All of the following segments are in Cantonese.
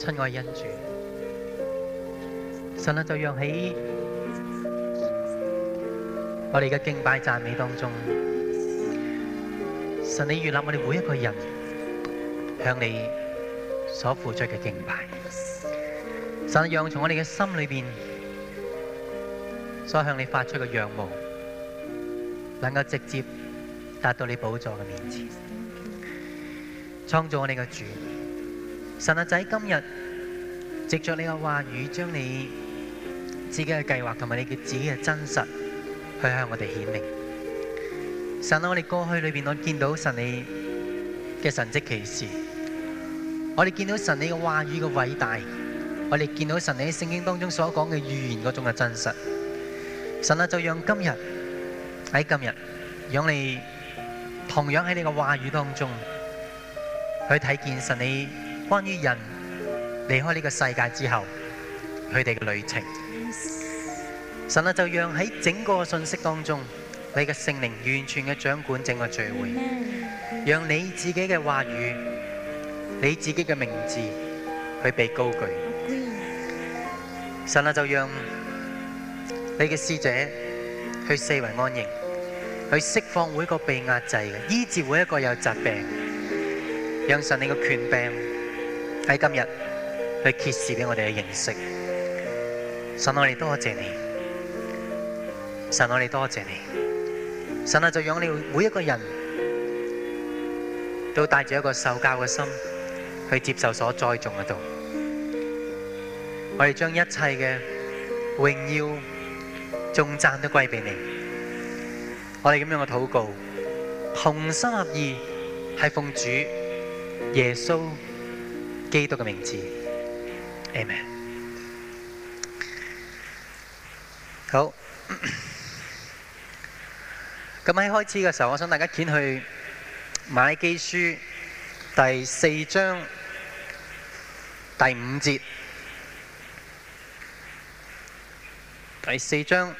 親愛恩主，神就讓起我哋嘅敬拜讚美當中，神你悅納我哋每一個人向你所付出嘅敬拜，神讓從我哋嘅心裏邊所向你發出嘅仰慕，能夠直接達到你寶座嘅面前，創造我哋嘅主。神阿、啊、仔，就在今日藉着你嘅話語，將你自己嘅計劃同埋你嘅自己嘅真實，去向我哋顯明。神啊，我哋過去裏邊，我見到神你嘅神蹟奇事；我哋見到神你嘅話語嘅偉大；我哋見到神你喺聖經當中所講嘅預言嗰種嘅真實。神阿、啊，就讓今日喺今日，讓你同樣喺你嘅話語當中去睇見神你。關於人離開呢個世界之後，佢哋嘅旅程，神、啊、就讓喺整個信息當中，你嘅聖靈完全嘅掌管整個聚會，讓你自己嘅話語、你自己嘅名字去被高舉。神、啊、就讓你嘅使者去四圍安營，去釋放每一個被壓制嘅，醫治每一個有疾病，讓神你嘅權柄。喺今日去揭示俾我哋嘅認識，神我哋多謝你，神我哋多謝你，神啊，就讓你哋每一個人都帶住一個受教嘅心去接受所栽種嘅道。我哋將一切嘅榮耀、頌讚都歸俾你。我哋咁樣嘅禱告，同心合意係奉主耶穌基督嘅名字，阿們。好。咁喺開始嘅時候，我想大家捲去瑪拉基書第四章第五節。第四章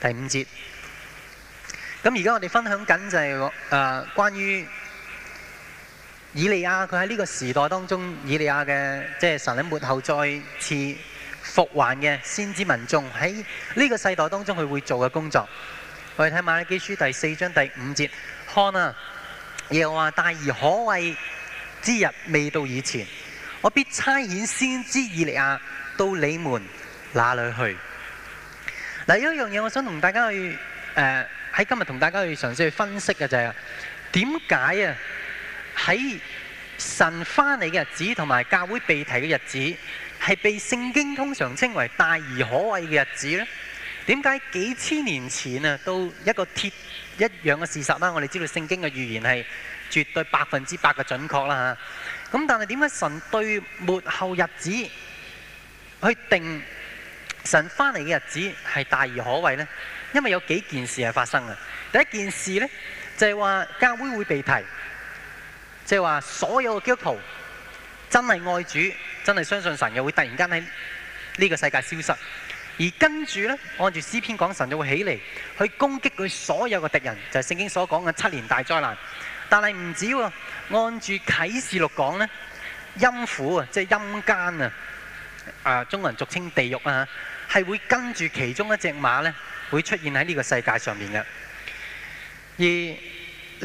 第五節。咁而家我哋分享緊就係誒關於。以利亞佢喺呢個時代當中，以利亞嘅，即係神喺末後再次復還嘅先知民眾，喺呢個世代當中佢會做嘅工作。我哋睇馬拉基書第四章第五節看啊，耶和華大而可畏之日未到以前，我必差遣先知以利亞到你們那裏去。嗱，有一樣嘢我想同大家去誒、喺、呃、今日同大家去嘗試去分析嘅就係點解啊？喺神返嚟嘅日子同埋教會被提嘅日子，係被聖經通常稱為大而可畏嘅日子呢？點解幾千年前啊，到一個鐵一樣嘅事實啦？我哋知道聖經嘅預言係絕對百分之百嘅準確啦嚇。咁但係點解神對末後日子去定神返嚟嘅日子係大而可畏呢？因為有幾件事係發生嘅。第一件事呢，就係話教會會被提。即係話，所有嘅基督徒真係愛主、真係相信神又會突然間喺呢個世界消失。而跟住呢，按住詩篇講，神就會起嚟，去攻擊佢所有嘅敵人，就係聖經所講嘅七年大災難。但係唔止喎，按住啟示錄講呢，陰府啊，即係陰間啊，啊，中國人俗稱地獄啊，係會跟住其中一隻馬呢，會出現喺呢個世界上面嘅。而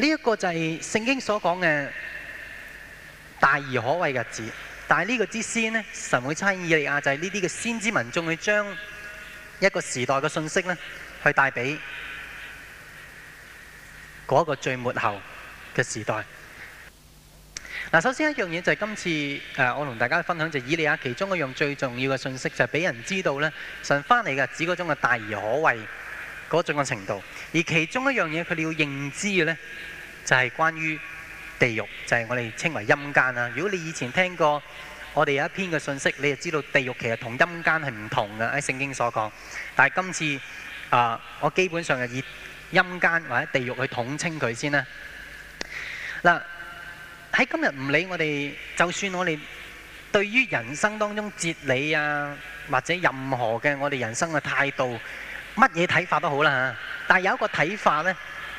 呢一個就係聖經所講嘅。大而可畏嘅日子，但係呢個之先呢，神會差以利亞就係呢啲嘅先知民眾去將一個時代嘅信息呢，去帶俾嗰一個最末後嘅時代。嗱，首先一樣嘢就係今次誒我同大家分享就係以利亞其中一樣最重要嘅信息，就係俾人知道呢，神翻嚟嘅日子嗰種嘅大而可畏嗰種嘅程度。而其中一樣嘢佢哋要認知嘅呢，就係關於。地獄就係我哋稱為陰間啦。如果你以前聽過我哋有一篇嘅信息，你就知道地獄其實同陰間係唔同嘅，喺聖經所講。但係今次啊、呃，我基本上係以陰間或者地獄去統稱佢先啦。嗱，喺今日唔理我哋，就算我哋對於人生當中哲理啊，或者任何嘅我哋人生嘅態度，乜嘢睇法都好啦嚇。但係有一個睇法呢，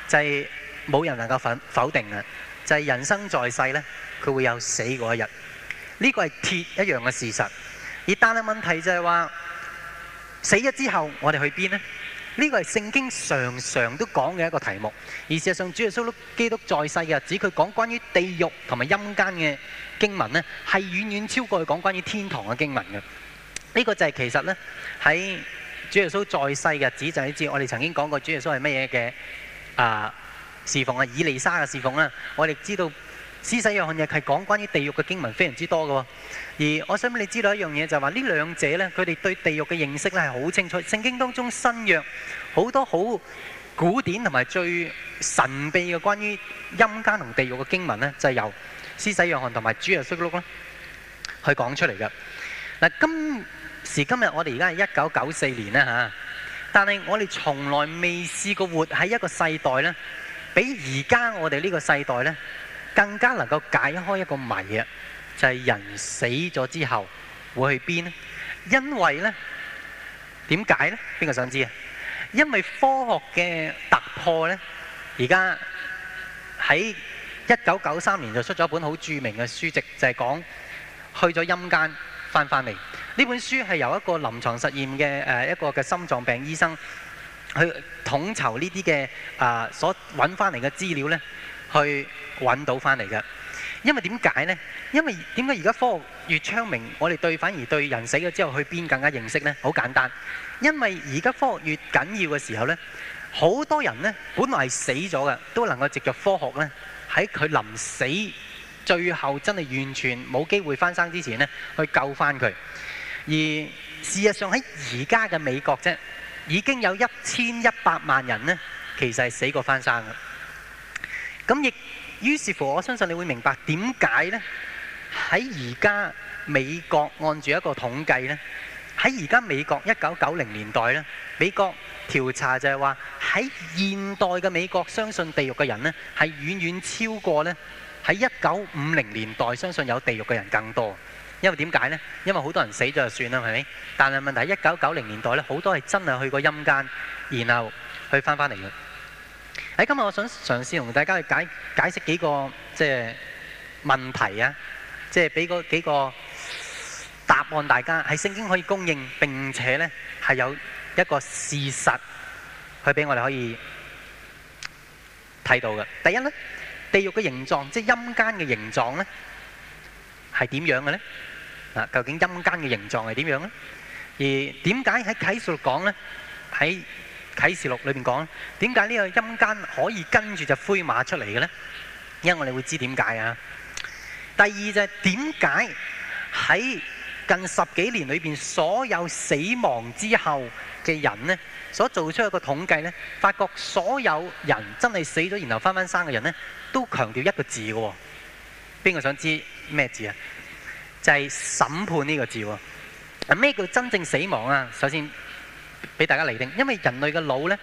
就係冇人能夠否否定嘅。就係人生在世呢，佢會有死嗰一日，呢個係鐵一樣嘅事實。而單一問題就係話，死咗之後我哋去邊呢？呢個係聖經常常都講嘅一個題目。而事實上，主耶穌基督在世嘅日子，佢講關於地獄同埋陰間嘅經文呢，係遠遠超過佢講關於天堂嘅經文嘅。呢個就係其實呢，喺主耶穌在世嘅日子，就係知我哋曾經講過主耶穌係乜嘢嘅啊？侍奉啊，以利沙嘅侍奉啦，我哋知道施洗約翰亦係講關於地獄嘅經文非常之多嘅。而我想你知道一樣嘢，就係話呢兩者咧，佢哋對地獄嘅認識咧係好清楚。聖經當中新約好多好古典同埋最神秘嘅關於陰間同地獄嘅經文咧，就係、是、由施洗約翰同埋主耶穌基督啦去講出嚟嘅。嗱，今時今日，我哋而家係一九九四年啦吓，但係我哋從來未試過活喺一個世代咧。比而家我哋呢個世代咧，更加能夠解開一個謎啊！就係人死咗之後會去邊呢？因為呢，點解呢？邊個想知啊？因為科學嘅突破呢，而家喺一九九三年就出咗一本好著名嘅書籍，就係講去咗陰間翻返嚟。呢本書係由一個臨床實驗嘅誒一個嘅心臟病醫生。去統籌呢啲嘅啊，所揾翻嚟嘅資料呢，去揾到翻嚟嘅。因為點解呢？因為點解而家科學越昌明，我哋對反而對人死咗之後去邊更加認識呢？好簡單，因為而家科學越緊要嘅時候呢，好多人呢，本來係死咗嘅，都能夠藉著科學呢，喺佢臨死最後真係完全冇機會翻生之前呢，去救翻佢。而事實上喺而家嘅美國啫。已經有一千一百萬人呢，其實係死過翻生嘅。咁亦於是乎，我相信你會明白點解呢？喺而家美國按住一個統計呢，喺而家美國一九九零年代呢，美國調查就係話喺現代嘅美國相信地獄嘅人呢，係遠遠超過呢，喺一九五零年代相信有地獄嘅人更多。因為點解呢？因為好多人死咗就算啦，係咪？但係問題係一九九零年代呢，好多係真係去過陰間，然後去翻翻嚟嘅。喺今日，我想嘗試同大家去解解釋幾個即係問題啊，即係俾個幾個答案，大家喺聖經可以供應，並且呢係有一個事實，去俾我哋可以睇到嘅。第一呢，地獄嘅形狀，即係陰間嘅形狀呢，係點樣嘅呢？嗱，究竟陰間嘅形狀係點樣咧？而點解喺啟示錄講呢？喺啟示錄裏面講，點解呢個陰間可以跟住隻灰馬出嚟嘅呢？因為我哋會知點解啊。第二就係點解喺近十幾年裏邊，所有死亡之後嘅人呢，所做出的一個統計呢，發覺所有人真係死咗，然後翻翻生嘅人呢都強調一個字嘅喎。邊個想知咩字啊？就係審判呢個字喎。咩叫真正死亡啊？首先俾大家釐定，因為人類嘅腦呢，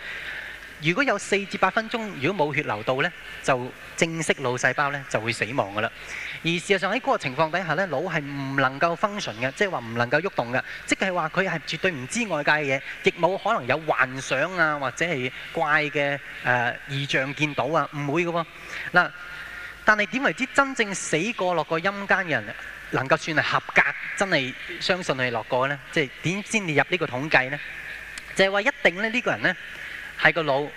如果有四至八分鐘如果冇血流到呢，就正式腦細胞呢就會死亡㗎啦。而事實上喺嗰個情況底下呢，腦係唔能夠 function 嘅，即係話唔能夠喐動㗎。即係話佢係絕對唔知外界嘅嘢，亦冇可能有幻想啊，或者係怪嘅誒異象見到啊，唔會㗎喎。嗱，但係點為之真正死過落個陰間嘅人？能夠算係合格，真係相信佢落過咧，即係點先列入呢個統計咧？就係話一定咧，呢個人咧喺個腦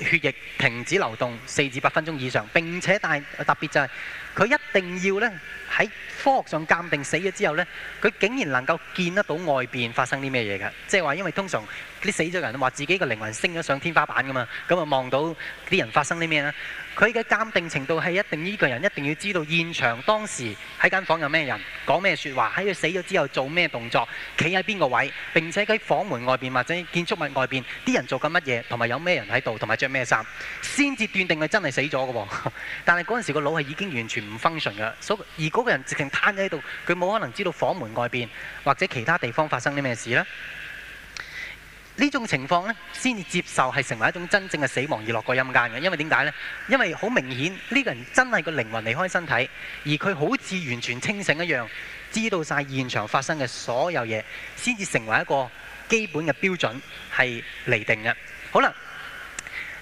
血液停止流動四至八分鐘以上，並且但係特別就係佢一定要咧喺科學上鑑定死咗之後咧，佢竟然能夠見得到外邊發生啲咩嘢㗎？即係話因為通常啲死咗人話自己個靈魂升咗上天花板㗎嘛，咁啊望到啲人發生啲咩呢？佢嘅鑑定程度係一定呢個人一定要知道現場當時喺間房有咩人講咩説話、喺佢死咗之後做咩動作、企喺邊個位，並且喺房門外邊或者建築物外邊啲人做緊乜嘢，同埋有咩人喺度，同埋着咩衫，先至斷定佢真係死咗嘅喎。 但係嗰陣時個腦係已經完全唔 function 㗎，所以而嗰個人直情攤咗喺度，佢冇可能知道房門外邊或者其他地方發生啲咩事啦。呢種情況咧，先至接受係成為一種真正嘅死亡而落過陰間嘅，因為點解呢？因為好明顯，呢個人真係個靈魂離開身體，而佢好似完全清醒一樣，知道晒現場發生嘅所有嘢，先至成為一個基本嘅標準係嚟定嘅。好啦，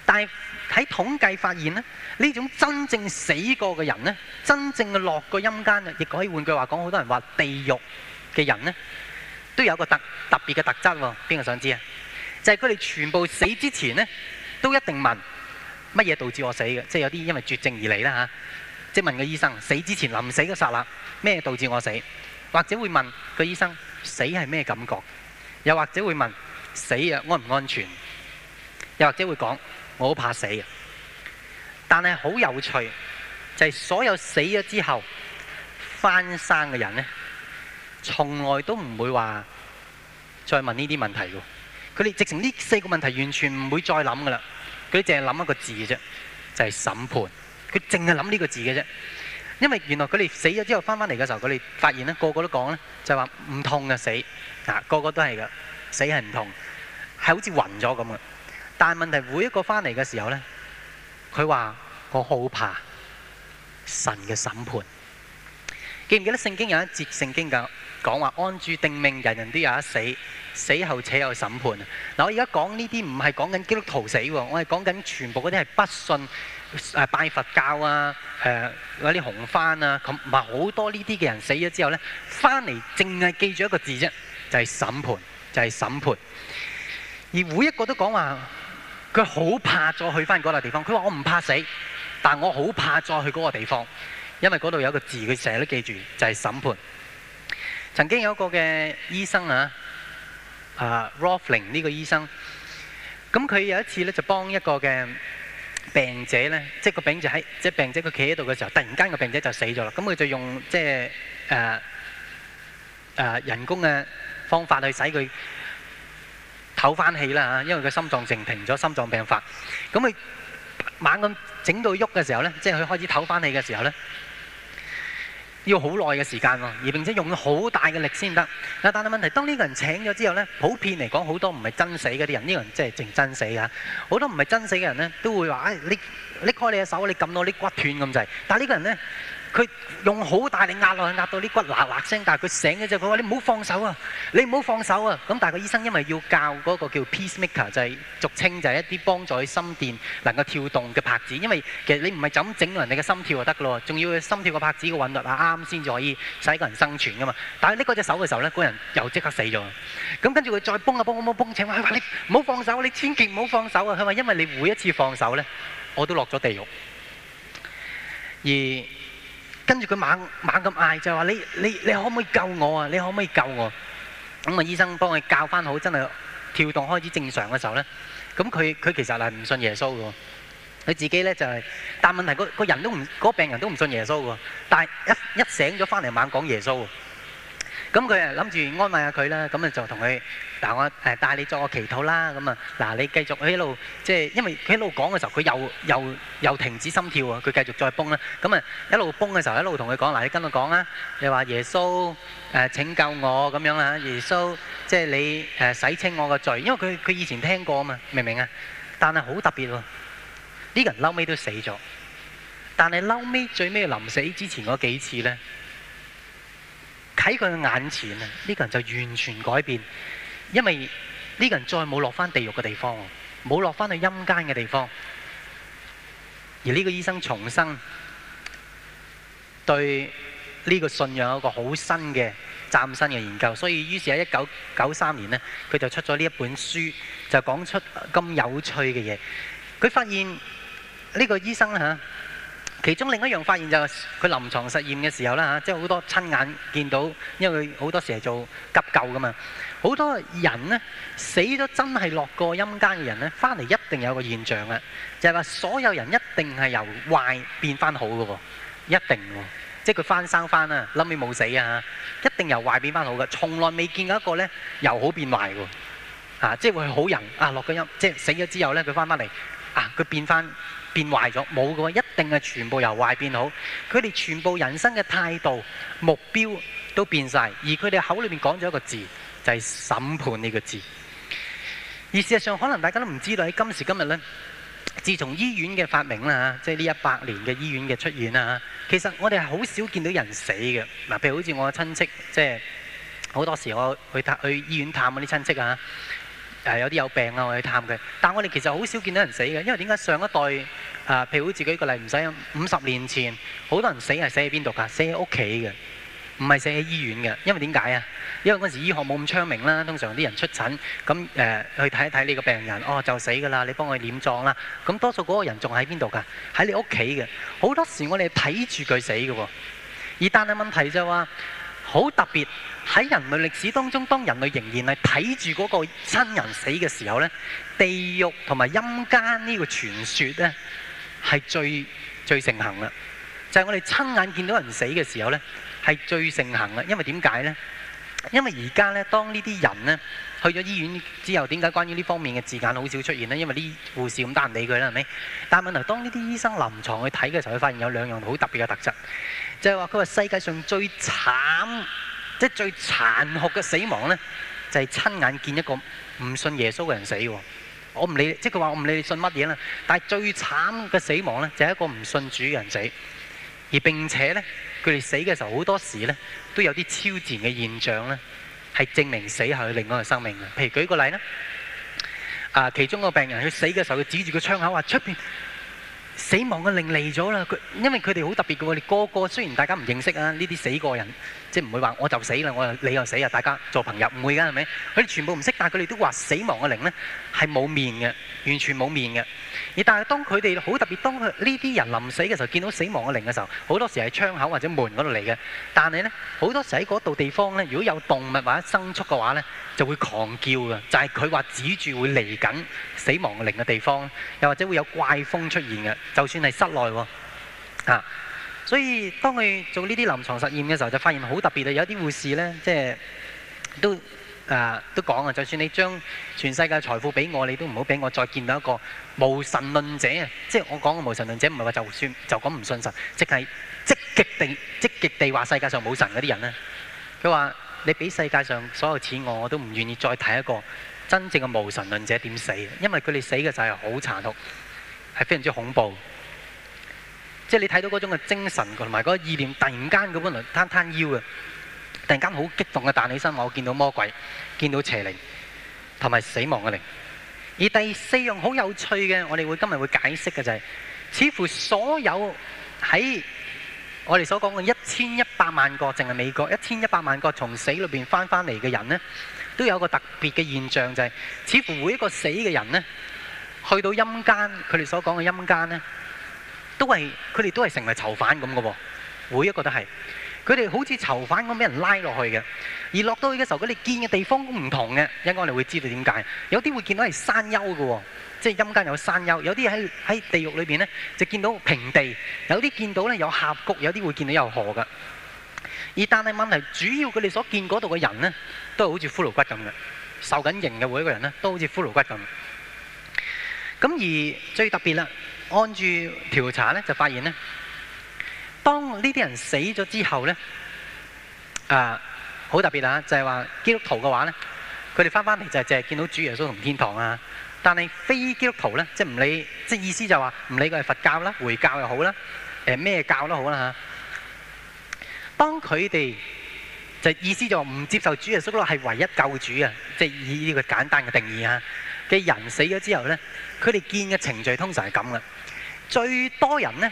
但係喺統計發現咧，呢種真正死過嘅人咧，真正嘅落過陰間嘅，亦可以換句話講，好多人話地獄嘅人咧，都有個特特別嘅特質喎。邊個想知啊？就係佢哋全部死之前呢，都一定問乜嘢導致我死嘅，即係有啲因為絕症而嚟啦嚇。即係問個醫生死之前臨死嗰剎那咩導致我死，或者會問個醫生死係咩感覺，又或者會問死啊安唔安全，又或者會講我好怕死嘅。但係好有趣就係所有死咗之後翻生嘅人呢，從來都唔會話再問呢啲問題㗎。佢哋直情呢四個問題完全唔會再諗噶啦，佢哋淨係諗一個字嘅啫，就係審判。佢淨係諗呢個字嘅啫，因為原來佢哋死咗之後翻翻嚟嘅時候，佢哋發現呢個個都講咧，就係話唔痛嘅死，啊個個都係噶，死係唔痛，係好似暈咗咁嘅。但係問題每一個翻嚟嘅時候咧，佢話我好怕神嘅審判。記唔記得聖經有一節聖經噶？講話安住定命，人人都有一死，死後且有審判。嗱，我而家講呢啲唔係講緊基督徒死喎，我係講緊全部嗰啲係不信誒拜佛教啊誒嗰啲紅番啊咁，咪好多呢啲嘅人死咗之後咧，翻嚟淨係記住一個字啫，就係審判，就係審判。而每一個都講話，佢好怕再去翻嗰個地方。佢話：我唔怕死，但我好怕再去嗰個地方，因為嗰度有一個字，佢成日都記住，就係審判。曾經有一個嘅醫生啊，啊、uh, Rothling 呢個醫生，咁佢有一次咧就幫一個嘅病者咧，即係個病就喺即係病者佢企喺度嘅時候，突然間個病者就死咗啦。咁佢就用即係誒誒人工嘅方法去使佢唞翻氣啦嚇，因為佢心臟靜停咗，心臟病發。咁佢猛咁整到喐嘅時候咧，即係佢開始唞翻氣嘅時候咧。要好耐嘅時間喎，而並且用好大嘅力先得。嗱，但係問題，當呢個人請咗之後呢，普遍嚟講，好多唔係真死嗰啲人，呢、呢個人真係淨真死嘅。好多唔係真死嘅人呢，都會話：唉、哎，你，拎開你嘅手，你撳到你骨斷咁滯。但係呢個人呢。佢用好大力壓落去，壓到啲骨喇喇聲。但係佢醒嘅啫，佢話：你唔好放手啊！你唔好放手啊！咁但係個醫生因為要教嗰個叫 pacemaker，就係俗稱就係一啲幫助佢心電能夠跳動嘅拍子。因為其實你唔係就咁整到人哋嘅心跳就得嘅咯，仲要佢心跳個拍子嘅韻律啊啱先，至可以使個人生存噶嘛。但係拎嗰隻手嘅時候咧，個人又即刻死咗。咁跟住佢再嘣啊嘣啊嘣啊嘣！請話佢話你唔好放手，你千祈唔好放手啊！佢話因為你每一次放手咧，我都落咗地獄。而跟住佢猛猛咁嗌，就係話你你你可唔可以救我啊？你可唔可以救我？咁啊，醫生幫佢教翻好，真係跳動開始正常嘅時候咧，咁佢佢其實係唔信耶穌喎，佢自己咧就係，但問題個個人都唔嗰個病人都唔信耶穌喎。但係一一醒咗翻嚟，猛講耶穌。咁佢誒諗住安慰下佢啦，咁啊就同佢，嗱我誒帶你作個祈禱啦，咁啊嗱你繼續去一路，即係因為佢一路講嘅時候，佢又又又停止心跳啊，佢繼續再崩啦，咁啊一路崩嘅時候，一路同佢講，嗱你跟我講啊，你話耶穌誒請救我咁樣啊，耶穌即係你誒洗清我嘅罪，因為佢佢以前聽過啊嘛，明唔明啊？但係好特別喎，呢個人嬲尾都死咗，但係嬲尾最尾臨死之前嗰幾次咧。喺佢嘅眼前啊，呢個人就完全改變，因為呢個人再冇落翻地獄嘅地方，冇落翻去陰間嘅地方，而呢個醫生重生，對呢個信仰有一個好新嘅、嶄新嘅研究，所以於是喺一九九三年呢佢就出咗呢一本書，就講出咁有趣嘅嘢。佢發現呢個醫生嚇。其中另一樣發現就係佢臨床實驗嘅時候啦嚇，即係好多親眼見到，因為佢好多時係做急救噶嘛。好多人呢，死咗真係落過陰間嘅人呢，翻嚟一定有一個現象啦，就係話所有人一定係由壞變翻好噶喎，一定喎，即係佢翻生翻啊，冧尾冇死啊嚇，一定由壞變翻好噶，從來未見過一個呢由好變壞喎，嚇，即係佢係好人啊，落個陰，即係死咗之後呢，佢翻返嚟啊，佢變翻。變壞咗，冇嘅話，一定係全部由壞變好。佢哋全部人生嘅態度、目標都變晒，而佢哋口裏面講咗一個字，就係、是、審判呢個字。而事實上，可能大家都唔知道喺今時今日呢，自從醫院嘅發明啦、啊，即係呢一百年嘅醫院嘅出現啦、啊，其實我哋係好少見到人死嘅。嗱、啊，譬如好似我嘅親戚，即係好多時我去探去醫院探嗰啲親戚啊。係有啲有病啊，我去探佢，但我哋其實好少見到人死嘅，因為點解上一代啊？譬如好似舉個例，唔使五十年前，好多人死係死喺邊度㗎？死喺屋企嘅，唔係死喺醫院嘅，因為點解啊？因為嗰陣時醫學冇咁昌明啦，通常啲人出診，咁誒去睇一睇你個病人，哦就死㗎啦，你幫我殮葬啦。咁多數嗰個人仲喺邊度㗎？喺你屋企嘅，好多時我哋睇住佢死㗎喎。而但係問題就係話好特別。喺人類歷史當中，當人類仍然係睇住嗰個親人死嘅時候，呢地獄同埋陰間呢個傳說呢係最最盛行啦。就係、是、我哋親眼見到人死嘅時候呢係最盛行啦。因為點解呢？因為而家呢，當呢啲人呢去咗醫院之後，點解關於呢方面嘅字眼好少出現呢？因為啲護士咁得人理佢啦，係咪？但係問題，當呢啲醫生臨床去睇嘅時候，佢發現有兩樣好特別嘅特質，就係話佢話世界上最慘。即係最殘酷嘅死亡咧，就係、是、親眼見一個唔信耶穌嘅人死。我唔理，即係佢話我唔理你信乜嘢啦。但係最慘嘅死亡咧，就係、是、一個唔信主嘅人死，而並且咧，佢哋死嘅時候好多時咧都有啲超自然嘅現象咧，係證明死係另外嘅生命嘅。譬如舉個例啦，啊，其中個病人佢死嘅時候，佢指住個窗口話出邊。死亡嘅靈嚟咗啦！佢因為佢哋好特別嘅，我哋個個雖然大家唔認識啊，呢啲死過人，即係唔會話我就死啦，我又你又死啊！大家做朋友唔會㗎，係咪？佢哋全部唔識，但係佢哋都話死亡嘅靈咧係冇面嘅，完全冇面嘅。而但係當佢哋好特別，當呢啲人臨死嘅時候，見到死亡嘅靈嘅時候，好多時係窗口或者門嗰度嚟嘅。但係咧，好多時喺嗰度地方咧，如果有動物或者牲畜嘅話咧，就會狂叫嘅。就係佢話指住會嚟緊死亡嘅靈嘅地方，又或者會有怪風出現嘅。就算係室內喎，啊，所以當佢做呢啲臨床實驗嘅時候，就發現好特別，有啲護士咧，即係都。誒都講啊！就算你將全世界財富俾我，你都唔好俾我再見到一個無神論者啊！即係我講嘅無神論者，唔係話就算就咁唔信神，即係積極地積極地話世界上冇神嗰啲人咧。佢話你俾世界上所有錢我，我都唔願意再睇一個真正嘅無神論者點死，因為佢哋死嘅就係好殘酷，係非常之恐怖。即係你睇到嗰種嘅精神同埋嗰個意念，突然間嘅可能攤攤腰啊。突然間好激動嘅彈起身，我見到魔鬼，見到邪靈同埋死亡嘅靈。而第四樣好有趣嘅，我哋會今日會解釋嘅就係似乎所有喺我哋所講嘅一千一百萬個淨係美國一千一百萬個從死裏邊返返嚟嘅人呢，都有個特別嘅現象，就係似乎每一個死嘅人呢，去到陰間，佢哋所講嘅陰間呢，都係佢哋都係成為囚犯咁嘅喎，每一個都係。佢哋好似囚犯咁俾人拉落去嘅，而落到去嘅時候，佢哋見嘅地方都唔同嘅，應該我哋會知道點解，有啲會見到係山丘嘅，即係陰間有山丘；有啲喺喺地獄裏面咧，就見到平地；有啲見到咧有峽谷，有啲會，會見到有河㗎。而但係問題，主要佢哋所見嗰度嘅人咧，都係好似骷髏骨咁嘅，受緊刑嘅每一個人咧，都好似骷髏骨咁。咁而最特別啦，按住調查咧，就發現咧。當呢啲人死咗之後咧，啊，好特別啊！就係話基督徒嘅話咧，佢哋翻翻嚟就係淨係見到主耶穌同天堂啊。但係非基督徒咧，即係唔理，即係意思就話唔理佢係佛教啦、回教又好啦，誒咩教都好啦吓。當佢哋就意思就話唔接受主耶穌啦，係唯一救主啊！即係以呢個簡單嘅定義啊。嘅人死咗之後咧，佢哋見嘅程序通常係咁嘅。最多人咧。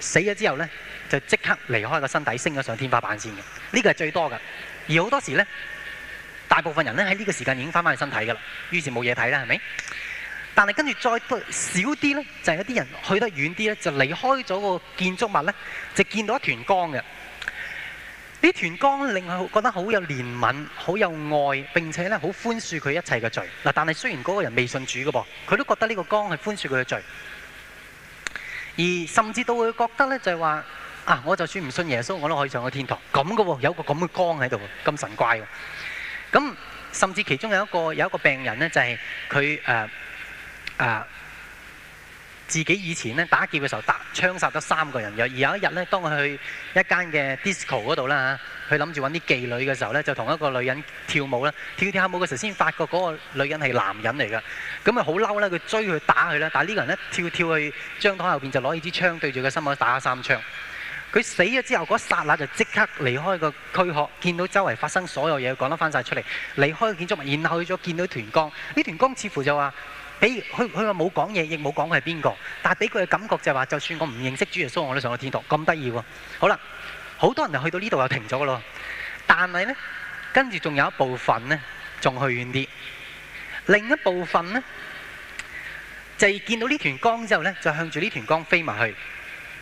死咗之後呢，就即刻離開個身體，升咗上天花板先嘅。呢個係最多嘅，而好多時呢，大部分人呢，喺呢個時間已經翻翻去身體㗎啦。於是冇嘢睇啦，係咪？但係跟住再少啲呢，就係有啲人去得遠啲呢，就離開咗個建築物呢，就見到一團光嘅。呢團光令佢覺得好有憐憫、好有愛，並且呢，好寬恕佢一切嘅罪。嗱，但係雖然嗰個人未信主嘅噃，佢都覺得呢個光係寬恕佢嘅罪。而甚至都會覺得呢，就係話啊，我就算唔信耶穌，我都可以上去天堂咁噶喎，有個咁嘅光喺度，咁神怪。咁甚至其中有一個有一個病人呢，就係佢，誒誒自己以前咧打劫嘅時候，打槍殺咗三個人有，而有一日咧，當佢去一間嘅 disco 嗰度啦嚇，去諗住揾啲妓女嘅時候咧，就同一個女人跳舞啦，跳跳下舞嘅時候先發覺嗰個女人係男人嚟㗎。咁咪好嬲啦，佢追佢打佢啦。但係呢個人咧跳跳去張台後邊，就攞起支槍對住佢心口打三槍。佢死咗之後，嗰剎那就即刻離開一個軀殼，見到周圍發生所有嘢，講得翻晒出嚟。離開建築物，然後去咗見到團光。呢團光似乎就話。比如佢佢話冇講嘢，亦冇講佢係邊個，但係俾佢嘅感覺就係話，就算我唔認識主耶穌，我都上到天堂，咁得意喎！好啦，好多人去到呢度又停咗咯，但係呢，跟住仲有一部分呢，仲去遠啲，另一部分呢，就係見到呢團光之後呢，就向住呢團光飛埋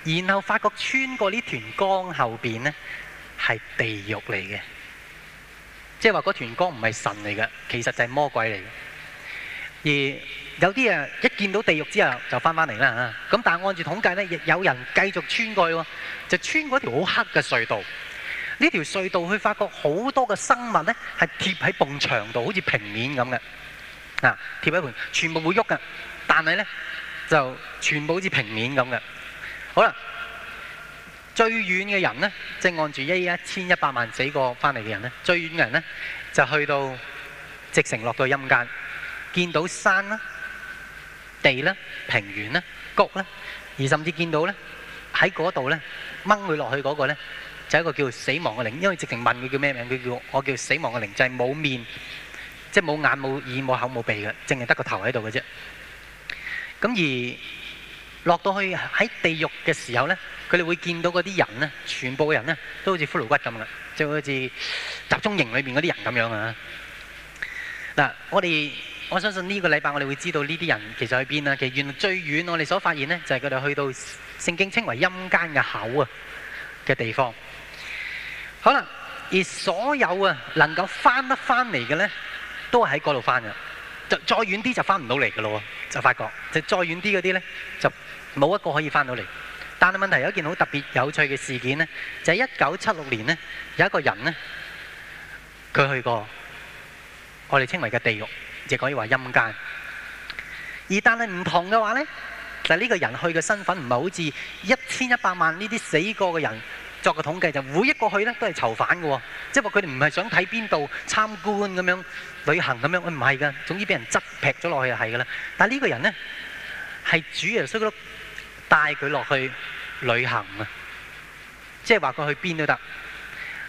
去，然後發覺穿過呢團光後邊呢，係地獄嚟嘅，即係話嗰團光唔係神嚟嘅，其實就係魔鬼嚟嘅，而。有啲啊，一見到地獄之後就翻返嚟啦嚇。咁但係按住統計咧，有有人繼續穿過去喎，就穿過條好黑嘅隧道。呢條隧道去發覺好多嘅生物咧係貼喺埲牆度，好似平面咁嘅。嗱，貼喺度，全部會喐㗎。但係咧就全部好似平面咁嘅。好啦，最遠嘅人咧，即係按住一一千一百萬死過翻嚟嘅人咧，最遠嘅人咧就去到直情落到陰間，見到山啦。地啦，平原啦，谷啦，而甚至見到咧，喺嗰度咧掹佢落去嗰個咧，就一個叫死亡嘅靈，因為直情問佢叫咩名，佢叫我叫死亡嘅靈，就係冇面，即係冇眼冇耳冇口冇鼻嘅，淨係得個頭喺度嘅啫。咁而落到去喺地獄嘅時候咧，佢哋會見到嗰啲人咧，全部嘅人咧都好似骷髏骨咁啦，就好似集中營裏面嗰啲人咁樣啊。嗱，我哋。我相信呢個禮拜我哋會知道呢啲人其實去邊啦？其實原來最遠我哋所發現呢，就係佢哋去到聖經稱為陰間嘅口啊嘅地方。好可能而所有啊能夠翻得翻嚟嘅呢，都喺嗰度翻嘅。就再遠啲就翻唔到嚟嘅咯。就發覺就再遠啲嗰啲呢，就冇一個可以翻到嚟。但係問題有一件好特別有趣嘅事件呢，就係一九七六年呢，有一個人呢，佢去過我哋稱為嘅地獄。即可以於話陰間，而但係唔同嘅話咧，就呢、是、個人去嘅身份唔係好似一千一百萬呢啲死過嘅人作個統計，就每一個去咧都係囚犯嘅，即係話佢哋唔係想睇邊度參觀咁樣旅行咁樣，佢唔係噶，總之俾人執劈咗落去就係噶啦。但係呢個人咧係主耶穌帶佢落去旅行啊，即係話佢去邊都得，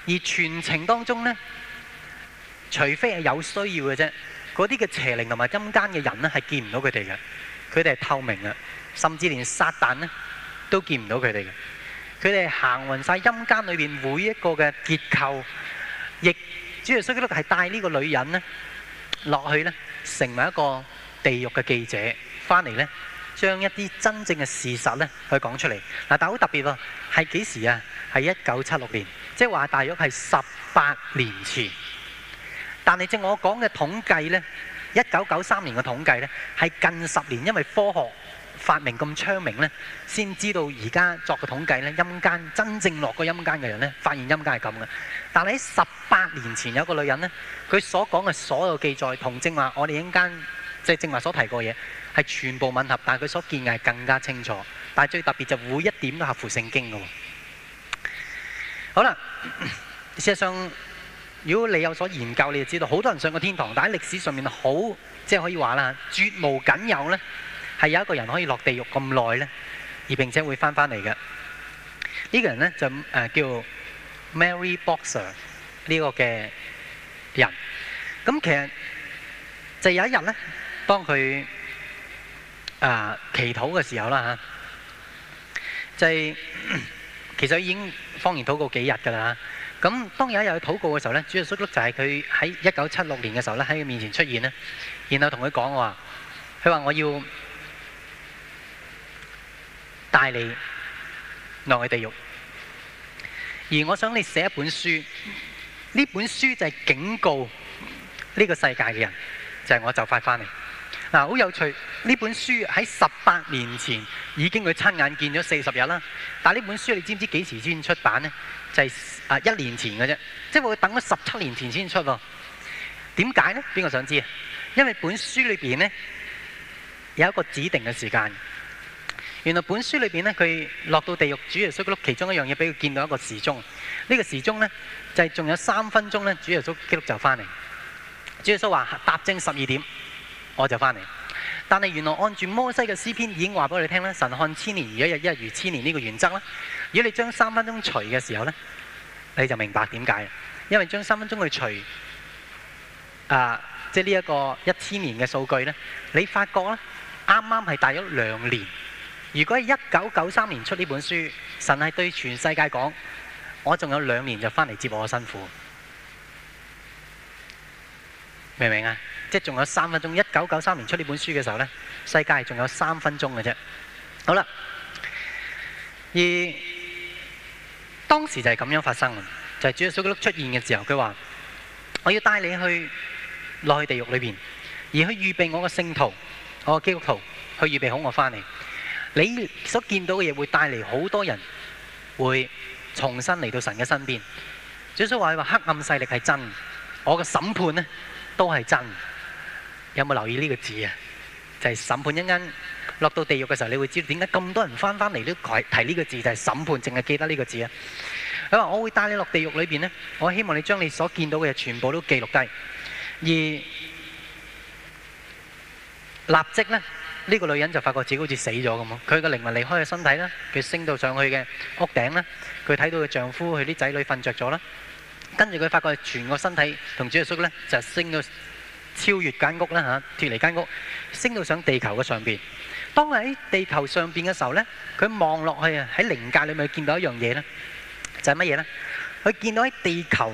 而全程當中咧，除非係有需要嘅啫。嗰啲嘅邪靈同埋陰間嘅人咧，係見唔到佢哋嘅，佢哋係透明嘅，甚至連撒旦咧都見唔到佢哋嘅。佢哋行勻晒陰間裏邊每一個嘅結構，亦主要希利克係帶呢個女人咧落去咧，成為一個地獄嘅記者，翻嚟咧將一啲真正嘅事實咧去講出嚟。嗱，但係好特別喎，係幾時啊？係一九七六年，即係話大約係十八年前。但係正我講嘅統計咧，一九九三年嘅統計咧，係近十年，因為科學發明咁昌明咧，先知道而家作個統計咧，陰間真正落過陰間嘅人咧，發現陰間係咁嘅。但係喺十八年前有個女人咧，佢所講嘅所有記載同正話，我哋陰間即係正話所提過嘢，係全部吻合。但係佢所見嘅係更加清楚。但係最特別就每一點都合乎聖經嘅喎。好啦，事實上。如果你有所研究，你就知道好多人上過天堂，但喺歷史上面好即係可以話啦，絕無僅有呢，係有一個人可以落地獄咁耐呢，而並且會翻返嚟嘅。呢、呢個人呢，就誒叫 Mary Boxer 呢個嘅人。咁其實就有一日呢，當佢誒、呃、祈禱嘅時候啦嚇，就係、是、其實已經方言禱告幾日噶啦。咁當有一日去禱告嘅時候咧，主耶穌就係佢喺一九七六年嘅時候咧，喺佢面前出現咧，然後同佢講話，佢話我要帶你落去地獄，而我想你寫一本書，呢本書就係警告呢個世界嘅人，就係、是、我就快翻嚟。嗱，好有趣，呢本書喺十八年前已經佢親眼見咗四十日啦，但係呢本書你知唔知幾時先出版呢？就啊一年前嘅啫，即、就、係、是、我等咗十七年前先出喎。點解呢？邊個想知啊？因為本書裏邊呢，有一個指定嘅時間。原來本書裏邊呢，佢落到地獄，主耶穌基督其中一樣嘢，俾佢見到一個時鐘。呢、這個時鐘呢，就係、是、仲有三分鐘呢。主耶穌基督就翻嚟。主耶穌話：答正十二點，我就翻嚟。但係原來按住摩西嘅詩篇已經話俾我哋聽咧，神看千年如一日，一日如千年呢個原則啦。如果你將三分鐘除嘅時候呢，你就明白點解，因為將三分鐘去除，啊，即係呢一個一千年嘅數據呢，你發覺呢，啱啱係大咗兩年。如果係一九九三年出呢本書，神係對全世界講：我仲有兩年就翻嚟接我嘅辛苦，明唔明啊？即係仲有三分鐘。一九九三年出呢本書嘅時候呢，世界仲有三分鐘嘅啫。好啦，二。當時就係咁樣發生啊！就係、是、主耶穌嗰碌出現嘅時候，佢話：我要帶你去落去地獄裏邊，而去預備我個聖徒，我個基督徒，去預備好我翻嚟。你所見到嘅嘢會帶嚟好多人會重新嚟到神嘅身邊。主耶穌話：你話黑暗勢力係真，我嘅審判呢都係真。有冇留意呢個字啊？就係、是、審判啲人。落到地獄嘅時候，你會知道點解咁多人翻返嚟都提提呢個字，就係審判，淨係記得呢個字啊！佢話：我會帶你落地獄裏邊咧，我希望你將你所見到嘅嘢全部都記錄低，而立即咧，呢個女人就發覺自己好似死咗咁咯。佢個靈魂離開佢身體咧，佢升到上去嘅屋頂咧，佢睇到佢丈夫佢啲仔女瞓著咗啦。跟住佢發覺全個身體同主耶穌咧就升到超越間屋啦嚇，脱離間屋，升到上地球嘅上邊。當喺地球上邊嘅時候咧，佢望落去啊，喺靈界裏面見到一樣嘢咧，就係乜嘢咧？佢見到喺地球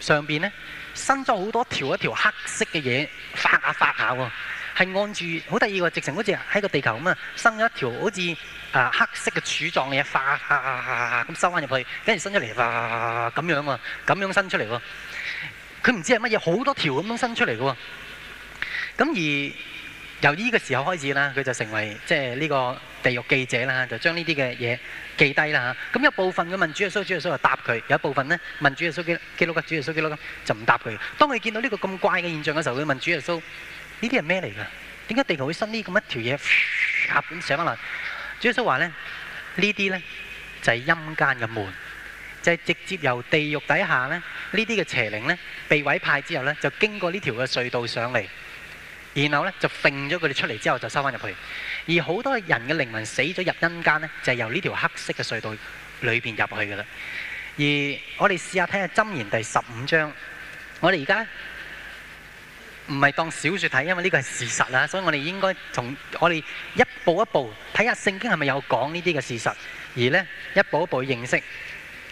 上邊咧，伸咗好多條一條黑色嘅嘢，發下、啊、發下、啊、喎，係按住好得意喎，直情好似喺個地球咁啊，啊伸咗一條好似啊黑色嘅柱狀嘅嘢，發下啊，啊咁收翻入去，跟住伸出嚟，哇咁樣喎，咁樣伸出嚟喎，佢唔知係乜嘢，好多條咁樣伸出嚟嘅喎。咁而由呢個時候開始啦，佢就成為即係呢個地獄記者啦，就將呢啲嘅嘢記低啦嚇。咁有部分嘅問主耶穌、主耶穌就答佢，有部分咧，問主耶穌、記錄嘅主耶穌記錄咁就唔答佢。當佢見到呢個咁怪嘅現象嘅時候，佢問主耶穌：呢啲係咩嚟㗎？點解地球會伸呢咁一條嘢？突然上翻嚟，主耶穌話咧：呢啲咧就係陰間嘅門，就係直接由地獄底下咧，呢啲嘅邪靈咧被委派之後咧，就經過呢條嘅隧道上嚟。然後咧就揈咗佢哋出嚟之後就收翻入去，而好多人嘅靈魂死咗入陰間咧就係由呢條黑色嘅隧道裏邊入去㗎啦。而我哋試下睇下箴言第十五章，我哋而家唔係當小説睇，因為呢個係事實啦，所以我哋應該從我哋一步一步睇下聖經係咪有講呢啲嘅事實，而咧一步一步認識。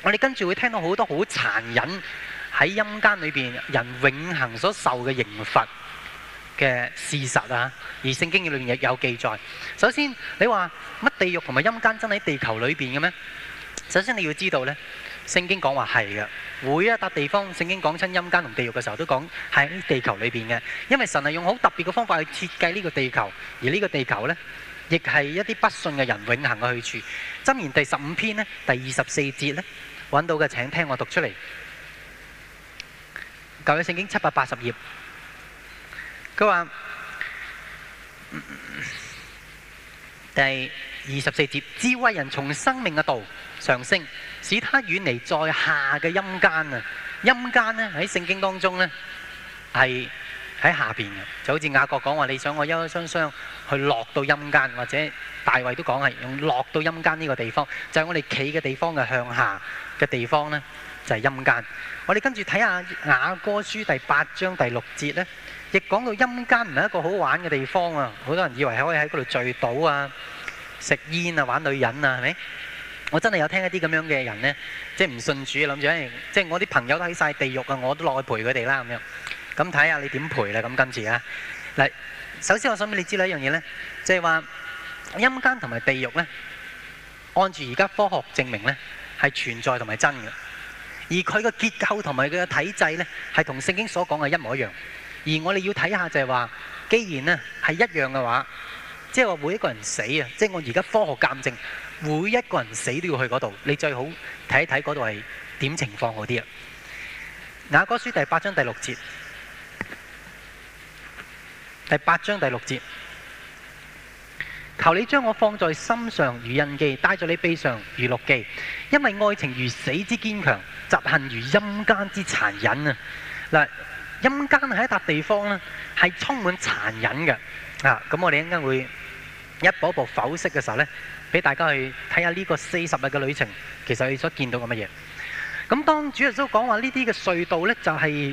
我哋跟住會聽到好多好殘忍喺陰間裏邊人永恆所受嘅刑罰。嘅事實啊，而聖經嘅裏面亦有記載。首先你說，你話乜地獄同埋陰間真喺地球裏邊嘅咩？首先你要知道呢，聖經講話係嘅，每一笪地方聖經講親陰間同地獄嘅時候都講喺地球裏邊嘅，因為神係用好特別嘅方法去設計呢個地球，而呢個地球呢，亦係一啲不信嘅人永恆嘅去處。箴言第十五篇呢，第二十四節呢，揾到嘅請聽我讀出嚟。舊約聖經七百八十頁。佢話：第二十四節，智慧人從生命嘅道上升，使他遠離在下嘅陰間啊！陰間呢喺聖經當中咧係喺下面嘅，就好似雅各講話，你想我憂憂傷傷去落到陰間，或者大衛都講係用落到陰間呢個地方，就係、是、我哋企嘅地方嘅向下嘅地方呢就係、是、陰間。我哋跟住睇下雅歌書第八章第六節呢。亦講到陰間唔係一個好玩嘅地方啊！好多人以為係可以喺嗰度聚賭啊、食煙啊、玩女人啊，係咪？我真係有聽一啲咁樣嘅人呢，即係唔信主，諗住、哎、即係我啲朋友都喺晒地獄啊，我都落去陪佢哋啦咁樣。咁睇下你點陪啦？咁今次啊，嗱，首先我想俾你知道一樣嘢呢，即係話陰間同埋地獄呢，按住而家科學證明呢，係存在同埋真嘅，而佢嘅結構同埋佢嘅體制呢，係同聖經所講嘅一模一樣。而我哋要睇下就係話，既然咧係一樣嘅話，即係話每一個人死啊，即係我而家科學鑑證，每一個人死都要去嗰度，你最好睇一睇嗰度係點情況好啲啊！雅歌書第八章第六節，第八章第六節，求你將我放在心上如印記，帶在你臂上如錄記，因為愛情如死之堅強，嫉恨如陰間之殘忍啊！嗱。陰間係一笪地方咧，係充滿殘忍嘅啊！咁我哋陣間會一步一步剖析嘅時候咧，俾大家去睇下呢個四十日嘅旅程，其實佢所見到嘅乜嘢？咁當主耶穌講話呢啲嘅隧道咧，就係、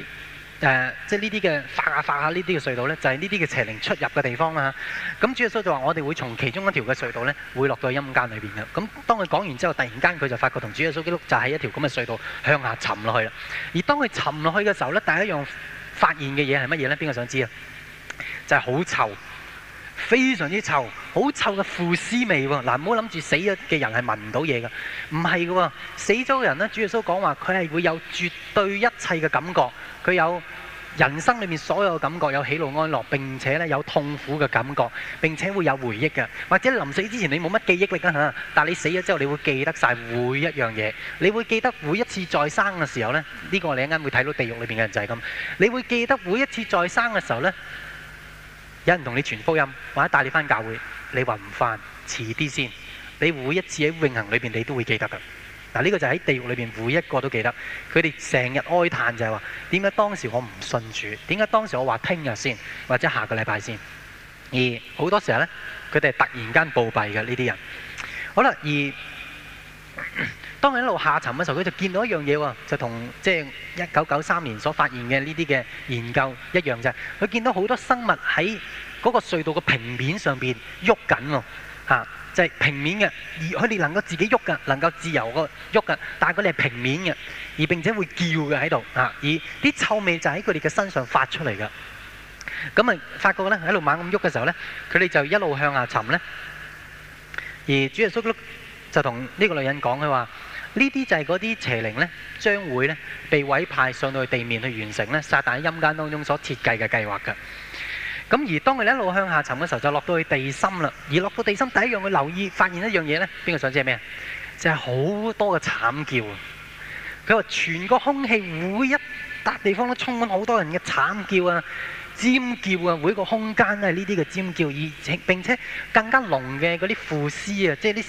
是、誒，即係呢啲嘅發下、啊、發下呢啲嘅隧道咧，就係呢啲嘅邪靈出入嘅地方啊！咁主耶穌就話我哋會從其中一條嘅隧道咧，會落到陰間裏邊嘅。咁當佢講完之後，突然間佢就發覺同主耶穌基督就喺一條咁嘅隧道向下沉落去啦。而當佢沉落去嘅時候咧，大家用……發現嘅嘢係乜嘢呢？邊個想知啊？就係好臭，非常之臭，好臭嘅腐屍味喎！嗱，唔好諗住死咗嘅人係聞唔到嘢㗎，唔係嘅喎，死咗嘅人呢，主耶穌講話佢係會有絕對一切嘅感覺，佢有。人生裏面所有的感覺有喜怒哀樂，並且咧有痛苦嘅感覺，並且會有回憶嘅，或者臨死之前你冇乜記憶力啊，但你死咗之後，你會記得晒每一樣嘢，你會記得每一次再生嘅時候呢，呢、呢個你一陣會睇到地獄裏面嘅人就係咁，你會記得每一次再生嘅時候呢，有人同你傳福音或者帶你返教會，你話唔返，遲啲先，你每一次喺永恆裏面，你都會記得嘅。嗱，呢個就喺地獄裏邊，每一個都記得。佢哋成日哀嘆就係話：點解當時我唔信主？點解當時我話聽日先，或者下個禮拜先？而好多時候呢，佢哋係突然間暴斃嘅呢啲人。好啦，而當佢一路下沉嘅時候，佢就見到一樣嘢喎，就同即係一九九三年所發現嘅呢啲嘅研究一樣啫。佢見到好多生物喺嗰個隧道嘅平面上邊喐緊喎，嚇！就係平面嘅，而佢哋能夠自己喐㗎，能夠自由個喐㗎，但係佢哋係平面嘅，而並且會叫嘅喺度啊！而啲臭味就喺佢哋嘅身上發出嚟㗎。咁啊，發覺咧喺度猛咁喐嘅時候咧，佢哋就一路向下沉咧。而主耶穌就同呢個女人講佢話：呢啲就係嗰啲邪靈咧，將會咧被委派上到去地面去完成咧撒旦喺陰間當中所設計嘅計劃㗎。咁而當佢一路向下沉嘅時候，就落到去地心啦。而落到地心第一樣佢留意發現一樣嘢呢，邊個想知係咩？就係好多嘅慘叫。佢話全個空氣每一笪地方都充滿好多人嘅慘叫啊、尖叫啊，每個空間都係呢啲嘅尖叫，而且並且更加濃嘅嗰啲腐屍啊，即係啲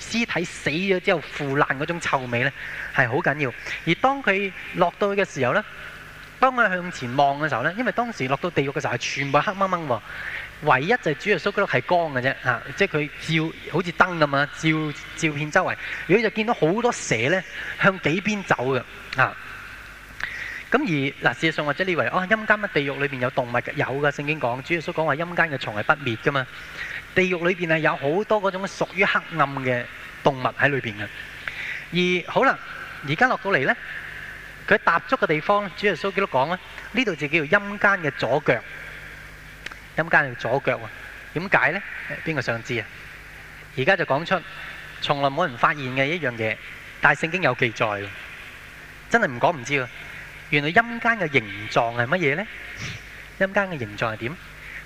屍體死咗之後腐爛嗰種臭味呢，係好緊要。而當佢落到去嘅時候呢。當我向前望嘅時候呢，因為當時落到地獄嘅時候係全部黑掹掹喎，唯一就係主耶穌基督係光嘅啫嚇，即係佢照好似燈咁啊，照照片周圍，如果就見到好多蛇呢，向幾邊走嘅嚇。咁、啊、而嗱，事實上或者你以為啊陰間嘅地獄裏邊有動物嘅，有嘅，聖經講主耶穌講話陰間嘅蟲係不滅嘅嘛。地獄裏邊係有好多嗰種屬於黑暗嘅動物喺裏邊嘅。而好啦，而家落到嚟呢。佢踏足嘅地方咧，主耶穌基督都講咧，呢度就叫做陰間嘅左腳。陰間嘅左腳喎，點解咧？邊個想知啊？而家就講出從來冇人發現嘅一樣嘢，但係聖經有記載，真係唔講唔知喎。原來陰間嘅形狀係乜嘢咧？陰間嘅形狀係點？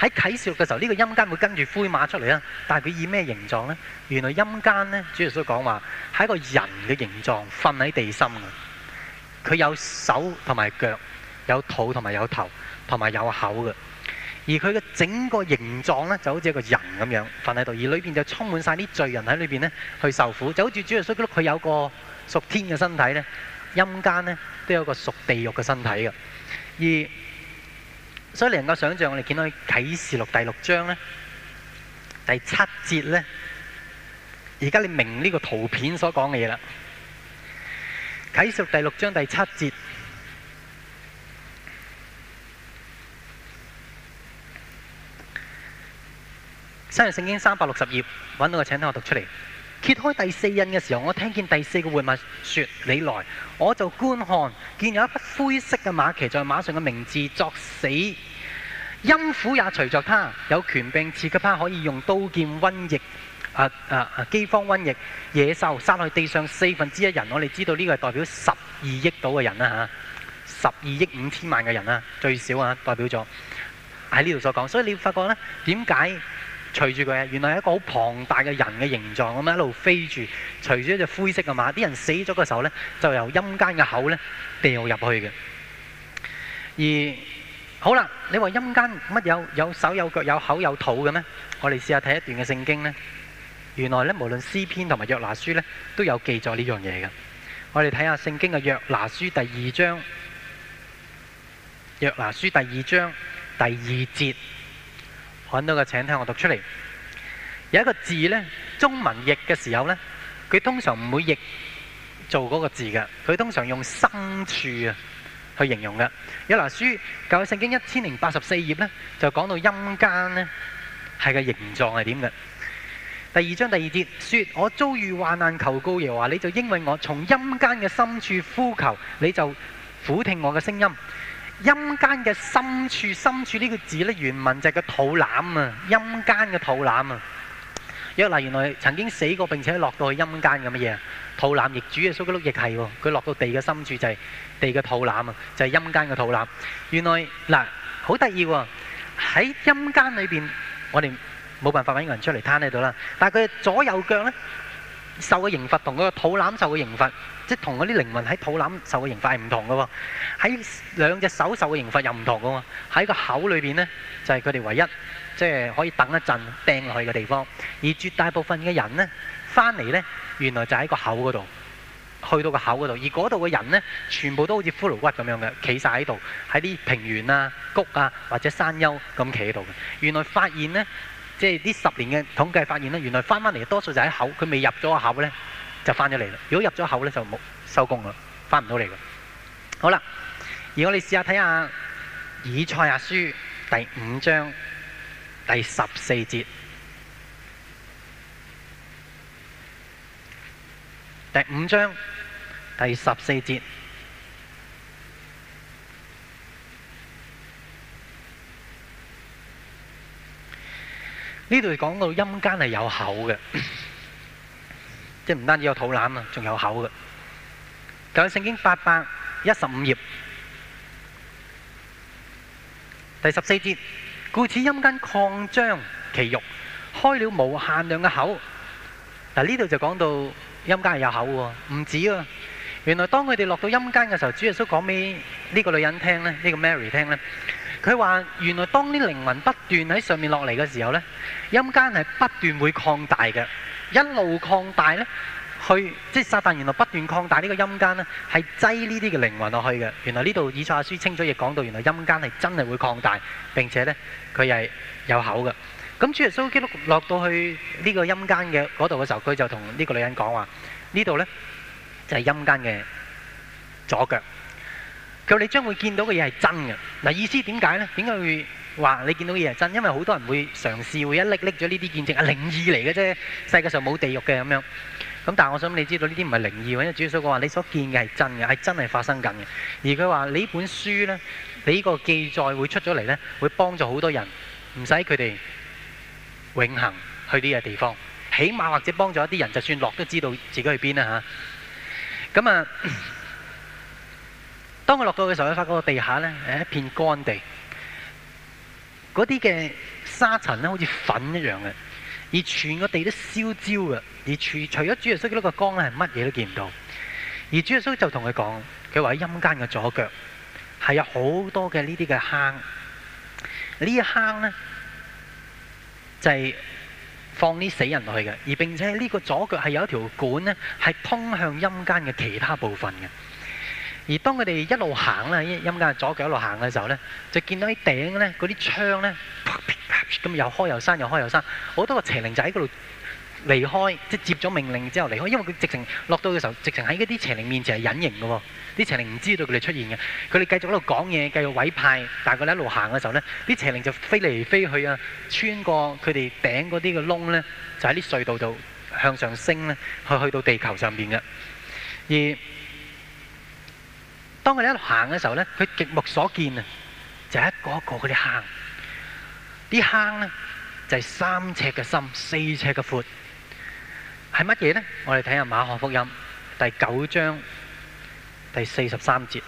喺啟示錄嘅時候，呢個陰間會跟住灰馬出嚟啦，但係佢以咩形狀咧？原來陰間咧，主耶穌講話係一個人嘅形狀，瞓喺地心嘅。佢有手同埋腳，有肚同埋有頭，同埋有口嘅。而佢嘅整個形狀呢，就好似一個人咁樣瞓喺度，而裏邊就充滿晒啲罪人喺裏邊呢，去受苦。就好似主耶穌，佢有個屬天嘅身體呢，陰間呢，都有個屬地獄嘅身體嘅。而所以你能夠想象，我哋見到啟示錄第六章呢、第七節呢，而家你明呢個圖片所講嘅嘢啦。啟讀第六章第七節。新日聖經三百六十頁，揾到嘅請聽我讀出嚟。揭開第四印嘅時候，我聽見第四個活物說：你來！我就觀看，見有一匹灰色嘅馬騎在馬上嘅名字作死。陰府也隨着他，有權柄刺佢，他可以用刀劍瘟疫。啊啊啊！啊饑荒、瘟疫、野獸殺去地上四分之一人。我哋知道呢個係代表十二億到嘅人啦，嚇，十二億五千萬嘅人啦，最少啊，代表咗喺呢度所講。所以你會發覺呢，點解隨住佢啊？原來係一個好龐大嘅人嘅形狀咁樣一路飛住，隨住一隻灰色嘅馬。啲人死咗嘅時候呢，就由陰間嘅口呢掉入去嘅。而好啦，你話陰間乜有有手有腳有口有肚嘅咩？我哋試下睇一段嘅聖經呢。原來咧，無論詩篇同埋約拿書咧，都有記載呢樣嘢嘅。我哋睇下聖經嘅約拿書第二章，約拿書第二章第二節，揾到嘅請聽我讀出嚟。有一個字呢，中文譯嘅時候呢，佢通常唔會譯做嗰個字嘅，佢通常用生處啊去形容嘅。約拿書舊聖經一千零八十四頁呢，就講到陰間呢，係個形狀係點嘅。第二章第二節，説我遭遇患難求告耶和華，你就應允我，從陰間嘅深處呼求，你就俯聽我嘅聲音。陰間嘅深處，深處呢個字呢，原文就係個肚腩啊，陰間嘅肚腩啊。因為原來曾經死過並且落到去陰間咁嘅嘢，肚腩、亦主嘅。蘇格魯亦係喎，佢落到地嘅深處就係、是、地嘅肚腩啊，就係、是、陰間嘅肚腩。原來嗱，好得意喎，喺陰間裏邊，我哋。冇辦法揾個人出嚟攤喺度啦。但係佢嘅左右腳呢，受嘅刑罰，同佢嘅肚腩受嘅刑罰，即係同嗰啲靈魂喺肚腩受嘅刑罰係唔同嘅喎。喺兩隻手受嘅刑罰又唔同嘅喎。喺個口裏邊呢，就係佢哋唯一即係、就係、可以等一陣掟落去嘅地方。而絕大部分嘅人呢，翻嚟呢，原來就喺個口嗰度去到個口嗰度，而嗰度嘅人呢，全部都好似骷髏骨咁樣嘅，企晒喺度喺啲平原啊、谷啊或者山丘咁企喺度嘅。原來發現呢。即係呢十年嘅統計發現啦，原來翻翻嚟多數就喺口，佢未入咗個口呢就翻咗嚟啦。如果入咗口呢就冇收工啦，翻唔到嚟嘅。好啦，而我哋試下睇下以賽亞書第五章第十四節，第五章第十四節。呢度講到陰間係有口嘅，即係唔單止有肚腩啊，仲有口嘅。咁聖經八百一十五頁，第十四節，故此陰間擴張其慾，開了無限量嘅口。嗱，呢度就講到陰間係有口嘅，唔止啊。原來當佢哋落到陰間嘅時候，主耶穌講俾呢個女人聽咧，呢個 Mary 聽咧。佢話：原來當啲靈魂不斷喺上面落嚟嘅時候呢，陰間係不斷會擴大嘅，一路擴大呢，去即係撒旦原來不斷擴大呢個陰間呢，係擠呢啲嘅靈魂落去嘅。原來呢度以賽亞書清楚亦講到，原來陰間係真係會擴大，並且呢，佢係有口嘅。咁主耶穌基督落到去呢個陰間嘅嗰度嘅時候，佢就同呢個女人講話：呢度呢，就係陰間嘅左腳。佢話你將會見到嘅嘢係真嘅，嗱意思點解咧？點解會話你見到嘅嘢係真？因為好多人會嘗試會一拎拎咗呢啲見證，係靈異嚟嘅啫，世界上冇地獄嘅咁樣。咁但係我想你知道呢啲唔係靈異，因為主所講話你所見嘅係真嘅，係真係發生緊嘅。而佢話你本書咧，你呢個記載會出咗嚟咧，會幫助好多人，唔使佢哋永恆去啲嘅地方，起碼或者幫助一啲人，就算落都知道自己去邊啦嚇。咁啊。當佢落到嘅時候，佢發覺個地下呢係一片乾地，嗰啲嘅沙塵咧好似粉一樣嘅，而全個地都燒焦嘅，而除除咗主耶穌嗰個光咧，係乜嘢都見唔到。而主耶穌就同佢講，佢話喺陰間嘅左腳係有好多嘅呢啲嘅坑，呢一坑呢，就係放啲死人落去嘅，而並且呢個左腳係有一條管，呢係通向陰間嘅其他部分嘅。而當佢哋一路行啦，陰間左腳一路行嘅時候呢，就見到啲頂呢嗰啲窗呢，啪啪咁又開又閂，又開又閂。好多個邪靈就喺嗰度離開，即係接咗命令之後離開。因為佢直情落到嘅時候，直情喺嗰啲邪靈面前係隱形嘅喎，啲邪靈唔知道佢哋出現嘅。佢哋繼續喺度講嘢，繼續委派。但係佢哋一路行嘅時候呢，啲邪靈就飛嚟飛去啊，穿過佢哋頂嗰啲嘅窿呢，就喺啲隧道度向上升呢，去去到地球上邊嘅。而當佢哋一路行嘅時候咧，佢極目所見啊，就係一個一個嗰啲坑，啲坑咧就係三尺嘅深、四尺嘅闊，係乜嘢咧？我哋睇下馬可福音第九章第四十三節。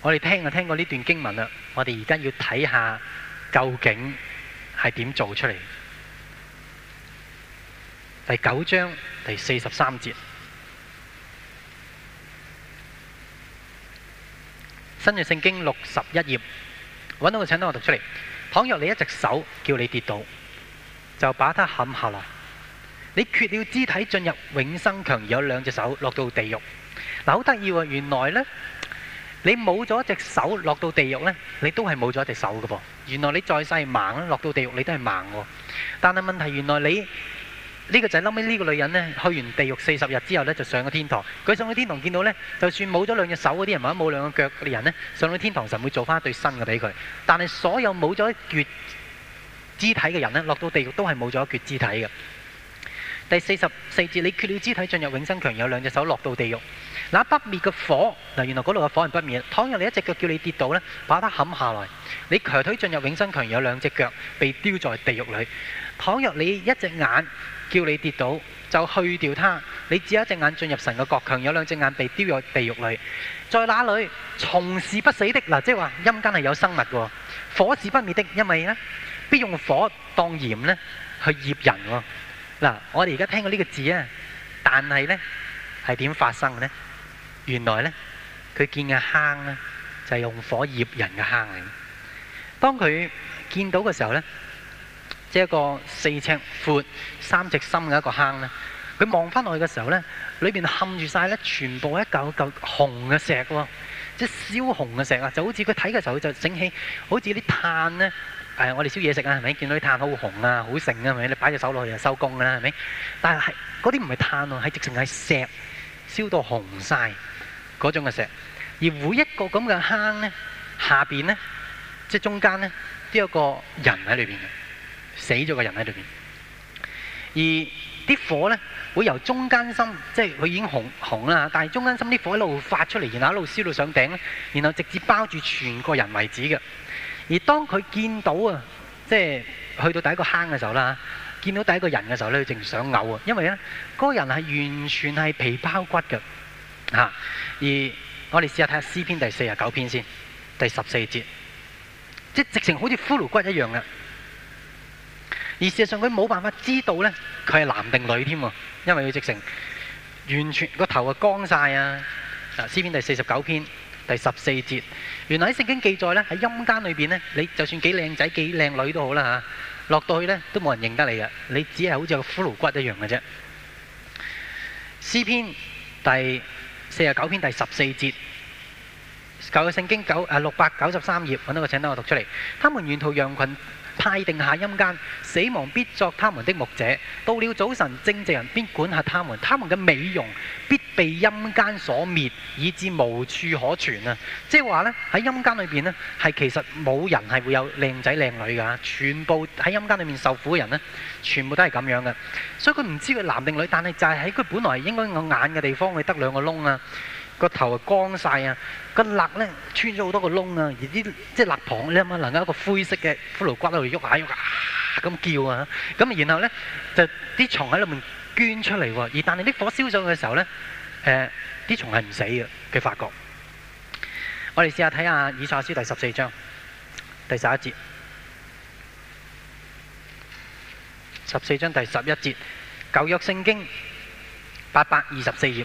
我哋聽就聽過呢段經文啦，我哋而家要睇下究竟係點做出嚟？第九章第四十三節。新約聖經六十一頁，揾到個，請等我讀出嚟。倘若你一隻手叫你跌倒，就把它砍下來。你缺了肢體進入永生強，有兩隻手落到地獄。嗱、啊，好得意喎！原來呢，你冇咗一隻手落到地獄呢，你都係冇咗一隻手㗎噃。原來你再細盲落到地獄，你都係盲喎。但係問題原來你。呢個就係嬲尾呢個女人呢，去完地獄四十日之後呢，就上咗天堂。佢上咗天堂見到呢，就算冇咗兩隻手嗰啲人，或者冇兩個腳嗰啲人呢，上咗天堂神會做翻對新嘅俾佢。但係所有冇咗一橛肢體嘅人呢，落到地獄都係冇咗一橛肢體嘅。第四十四節，你缺了肢體進入永生強，有兩隻手落到地獄。嗱，不滅嘅火嗱，原來嗰度嘅火人不滅。倘若你一隻腳叫你跌倒呢，把它冚下來。你瘸腿進入永生強，有兩隻腳被丟在地獄裏。倘若你一隻眼，叫你跌倒就去掉它，你只有一隻眼進入神嘅國，強有兩隻眼被丟入地獄裏，在那裏，蟲是不死的嗱，即係話陰間係有生物嘅，火是不滅的，因為咧必用火當鹽咧去醃人喎。嗱，我哋而家聽過呢個字啊，但係咧係點發生嘅咧？原來咧佢見嘅坑咧就係用火醃人嘅坑嚟。當佢見到嘅時候咧。即係一個四尺闊、三尺深嘅一個坑咧。佢望翻落去嘅時候咧，裏邊冚住晒咧，全部一嚿嚿紅嘅石喎，即係燒紅嘅石啊！就好似佢睇嘅時候就，就整起好似啲炭咧。誒、呃，我哋燒嘢食啊，係咪見到啲炭好紅啊、好盛啊，係咪你擺隻手落去就收工啦，係咪？但係嗰啲唔係炭喎，係直情係石燒到紅晒嗰種嘅石。而每一個咁嘅坑咧，下邊咧，即係中間咧，都有一個人喺裏邊嘅。死咗個人喺裏面，而啲火呢會由中間心，即係佢已經紅紅啦，但係中間心啲火一路發出嚟，然後一路燒到上頂，然後直接包住全個人為止嘅。而當佢見到啊，即係去到第一個坑嘅時候啦、啊，見到第一個人嘅時候呢，佢淨想嘔啊，因為呢，嗰、那個人係完全係皮包骨嘅、啊、而我哋試下睇下《詩篇》第四十九篇先，第十四節，即係直情好似骷髏骨一樣嘅。而事實上佢冇辦法知道咧，佢係男定女添喎，因為佢直情完全個頭啊光曬啊！啊，詩篇第四十九篇第十四節，原來喺聖經記載咧，喺陰間裏邊咧，你就算幾靚仔幾靚女都好啦嚇，落到去咧都冇人認得你嘅，你只係好似個骷髏骨一樣嘅啫。詩篇第四十九篇第十四節，舊嘅聖經九啊六百九十三頁，揾到個請等我讀出嚟，他們沿途羊羣，派定下陰間，死亡必作他們的牧者。到了早晨，正直人必管下他們，他們嘅美容必被陰間所滅，以致無處可存啊！即係話呢，喺陰間裏面呢，係其實冇人係會有靚仔靚女㗎，全部喺陰間裏面受苦嘅人呢，全部都係咁樣嘅。所以佢唔知佢男定女，但係就係喺佢本來應該有眼嘅地方，佢得兩個窿啊。個頭啊光晒啊，個肋咧穿咗好多個窿啊，而啲即係肋旁咧啊嘛，嗱，有一個灰色嘅骷髏骨喺度喐下喐下咁叫啊，咁啊然後咧就啲蟲喺裏面捐出嚟，而但係啲火燒咗嘅時候咧，誒啲蟲係唔死嘅，佢發覺。我哋試下睇下以賽亞書第十四章第十一節，十四章第十一節，舊約聖經八百二十四頁。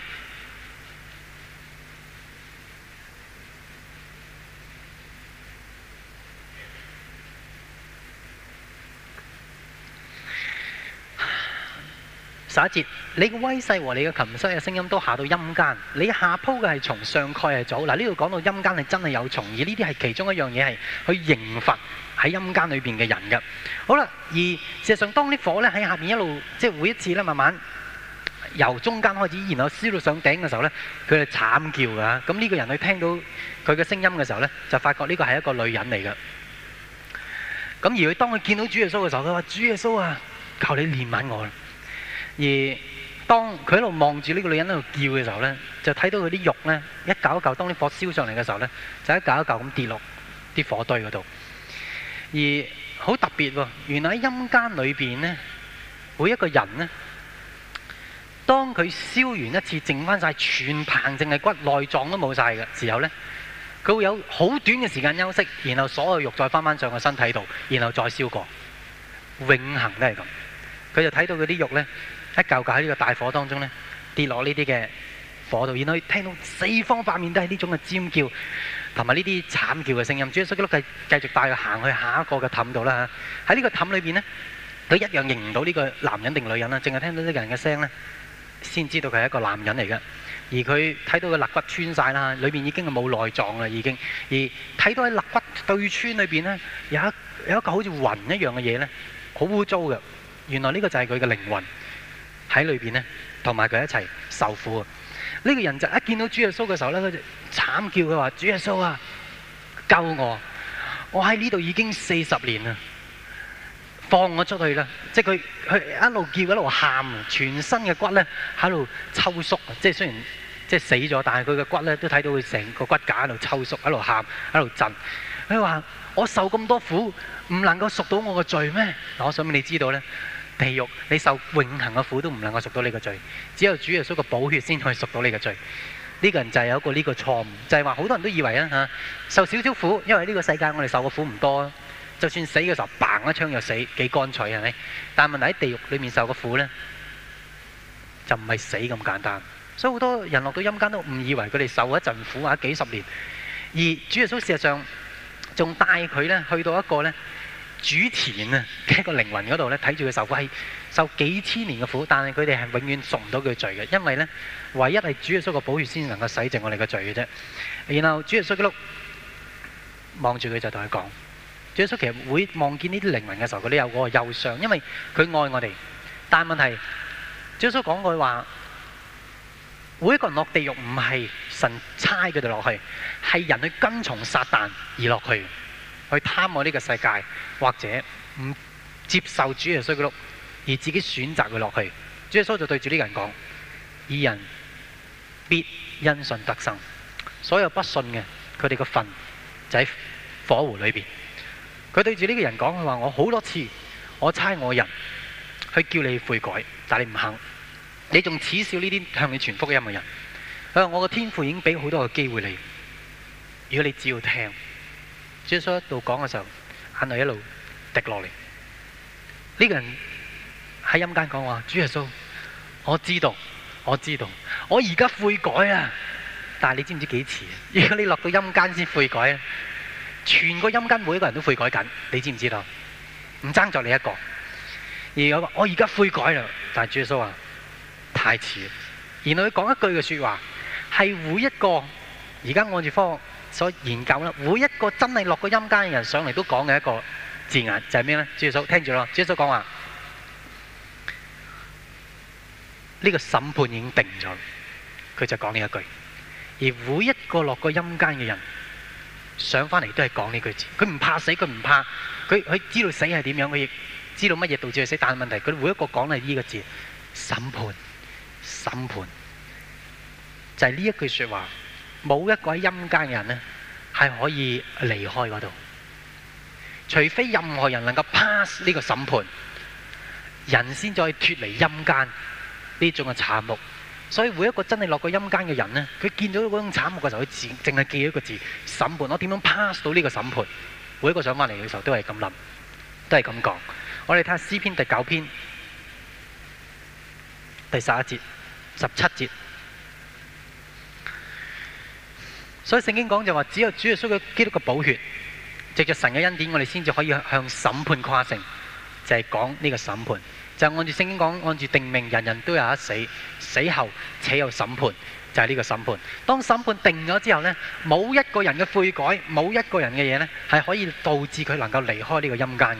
第一節，你嘅威勢和你嘅琴聲嘅聲音都下到陰間。你下鋪嘅係從上蓋係早嗱，呢度講到陰間係真係有蟲，而呢啲係其中一樣嘢係去刑罰喺陰間裏邊嘅人嘅。好啦，而事實上當啲火咧喺下面一路即係每一次咧，慢慢由中間開始，然後燒到上頂嘅時候咧，佢係慘叫嘅。咁呢個人佢聽到佢嘅聲音嘅時候咧，就發覺呢個係一個女人嚟嘅。咁而佢當佢見到主耶穌嘅時候，佢話：主耶穌啊，求你憐憫我。而當佢喺度望住呢個女人喺度叫嘅時候呢，就睇到佢啲肉呢，一嚿一嚿，當啲火燒上嚟嘅時候呢，就一嚿一嚿咁跌落啲火堆嗰度。而好特別喎，原來喺陰間裏面呢，每一個人呢，當佢燒完一次，剩翻曬全棚淨係骨內臟都冇曬嘅時候呢，佢會有好短嘅時間休息，然後所有肉再翻返上個身體度，然後再燒過。永恆都係咁。佢就睇到佢啲肉呢。一嚿嚿喺呢個大火當中呢，跌落呢啲嘅火度，然後聽到四方八面都係呢種嘅尖叫同埋呢啲慘叫嘅聲音。所以吉佬繼續帶佢行去下一個嘅氹度啦嚇。喺呢個氹裏邊呢，佢一樣認唔到呢個男人定女人啦，淨係聽到呢個人嘅聲呢，先知道佢係一個男人嚟嘅。而佢睇到個肋骨穿晒啦，嚇，裏邊已經係冇內臟啦已經。而睇到喺肋骨對穿裏邊呢，有一有一嚿好似雲一樣嘅嘢呢，好污糟嘅。原來呢個就係佢嘅靈魂。喺裏邊咧，同埋佢一齊受苦啊！呢個人就一見到主耶穌嘅時候咧，佢就慘叫佢話：主耶穌啊，救我！我喺呢度已經四十年啦，放我出去啦！即係佢佢一路叫一路喊，全身嘅骨咧喺度抽搐啊！即係雖然即係死咗，但係佢嘅骨咧都睇到佢成個骨架喺度抽搐，喺度喊，喺度震。佢話：我受咁多苦，唔能夠贖到我嘅罪咩？嗱，我想俾你知道咧。地獄，你受永恆嘅苦都唔能夠贖到呢個罪，只有主耶穌嘅寶血先可以贖到呢個罪。呢、呢個人就係有一個呢個錯誤，就係話好多人都以為啊嚇，受少少苦，因為呢個世界我哋受嘅苦唔多，就算死嘅時候嘭一槍又死，幾乾脆係咪？但係問題喺地獄裡面受嘅苦呢，就唔係死咁簡單，所以好多人落到陰間都誤以為佢哋受了一陣苦啊幾十年，而主耶穌事實上仲帶佢呢去到一個呢。主田啊，一個靈魂嗰度咧，睇住佢受苦係受幾千年嘅苦，但係佢哋係永遠贖唔到佢罪嘅，因為咧唯一係主耶穌嘅寶血先能夠洗淨我哋嘅罪嘅啫。然後主耶穌基督望住佢就同佢講，主耶穌其實會望見呢啲靈魂嘅時候，佢都有個憂傷，因為佢愛我哋。但係問題是，主耶穌講句話：每一個人落地獄唔係神差佢哋落去，係人去跟從撒旦而落去。去貪我呢個世界，或者唔接受主耶穌嘅碌，而自己選擇佢落去。主耶穌就對住呢個人講：義人必因信得生。所有不信嘅，佢哋嘅份就喺火湖裏面。」佢對住呢個人講：佢話我好多次，我差我人去叫你悔改，但你唔肯，你仲恥笑呢啲向你傳福音嘅人。佢話我嘅天父已經俾好多嘅機會你，如果你只要聽。主耶穌喺度講嘅時候，眼淚一路滴落嚟。呢個人喺陰間講話：主耶穌，我知道，我知道，我而家悔改啊！但係你知唔知幾遲啊？如果你落到陰間先悔改，全個陰間每一個人都悔改緊，你知唔知道？唔爭咗你一個。而有我而家悔改啦，但係主耶穌話太遲。然後佢講一句嘅說話，係每一個而家按住方。所研究啦，每一個真係落個陰間嘅人上嚟都講嘅一個字眼就係咩呢？主所聽住咯，主所講話呢個審判已經定咗，佢就講呢一句。而每一個落個陰間嘅人上翻嚟都係講呢句字，佢唔怕死，佢唔怕，佢佢知道死係點樣，佢亦知道乜嘢導致佢死。但係問題，佢每一個講係呢個字審判、審判，就係呢一句説話。冇一個喺陰間嘅人呢，係可以離開嗰度，除非任何人能夠 pass 呢個審判，人先再脫離陰間呢種嘅慘目。所以每一個真係落過陰間嘅人呢，佢見到嗰種慘目嘅時候，佢只淨係記一個字：審判。我點樣 pass 到呢個審判？每一個上翻嚟嘅時候都係咁諗，都係咁講。我哋睇下詩篇第九篇第十一節十七節。所以聖經講就話，只有主嘅需要基督嘅寶血，藉着神嘅恩典，我哋先至可以向審判誇勝。就係講呢個審判，就是、按住聖經講，按住定命，人人都有一死，死後且有審判，就係、是、呢個審判。當審判定咗之後呢，冇一個人嘅悔改，冇一個人嘅嘢呢，係可以導致佢能夠離開呢個陰間嘅。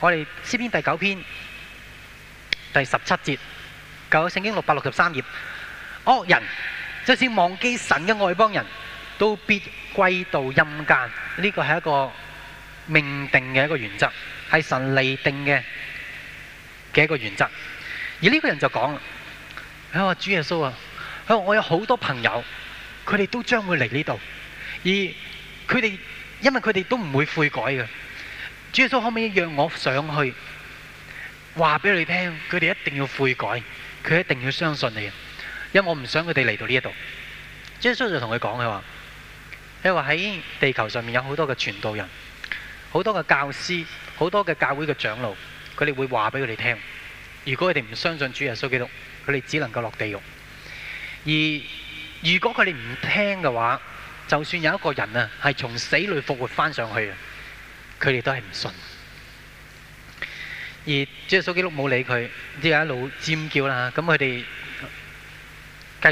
我哋詩篇第九篇第十七節，舊聖經六百六十三頁，惡人就算忘記神嘅外邦人都必歸到陰間，呢個係一個命定嘅一個原則，係神嚟定嘅嘅一個原則。而呢個人就講啦：佢話主耶穌啊，佢話我有好多朋友，佢哋都將會嚟呢度，而佢哋因為佢哋都唔會悔改嘅。主耶穌可唔可以讓我上去，話俾佢哋聽，佢哋一定要悔改，佢一定要相信你，因為我唔想佢哋嚟到呢一度。主耶穌就同佢講：佢話。因為喺地球上面有好多嘅傳道人，好多嘅教師，好多嘅教會嘅長老，佢哋會話俾佢哋聽。如果佢哋唔相信主耶穌基督，佢哋只能夠落地獄。而如果佢哋唔聽嘅話，就算有一個人啊係從死裡復活翻上去，佢哋都係唔信。而主耶穌基督冇理佢，啲人一路尖叫啦。咁佢哋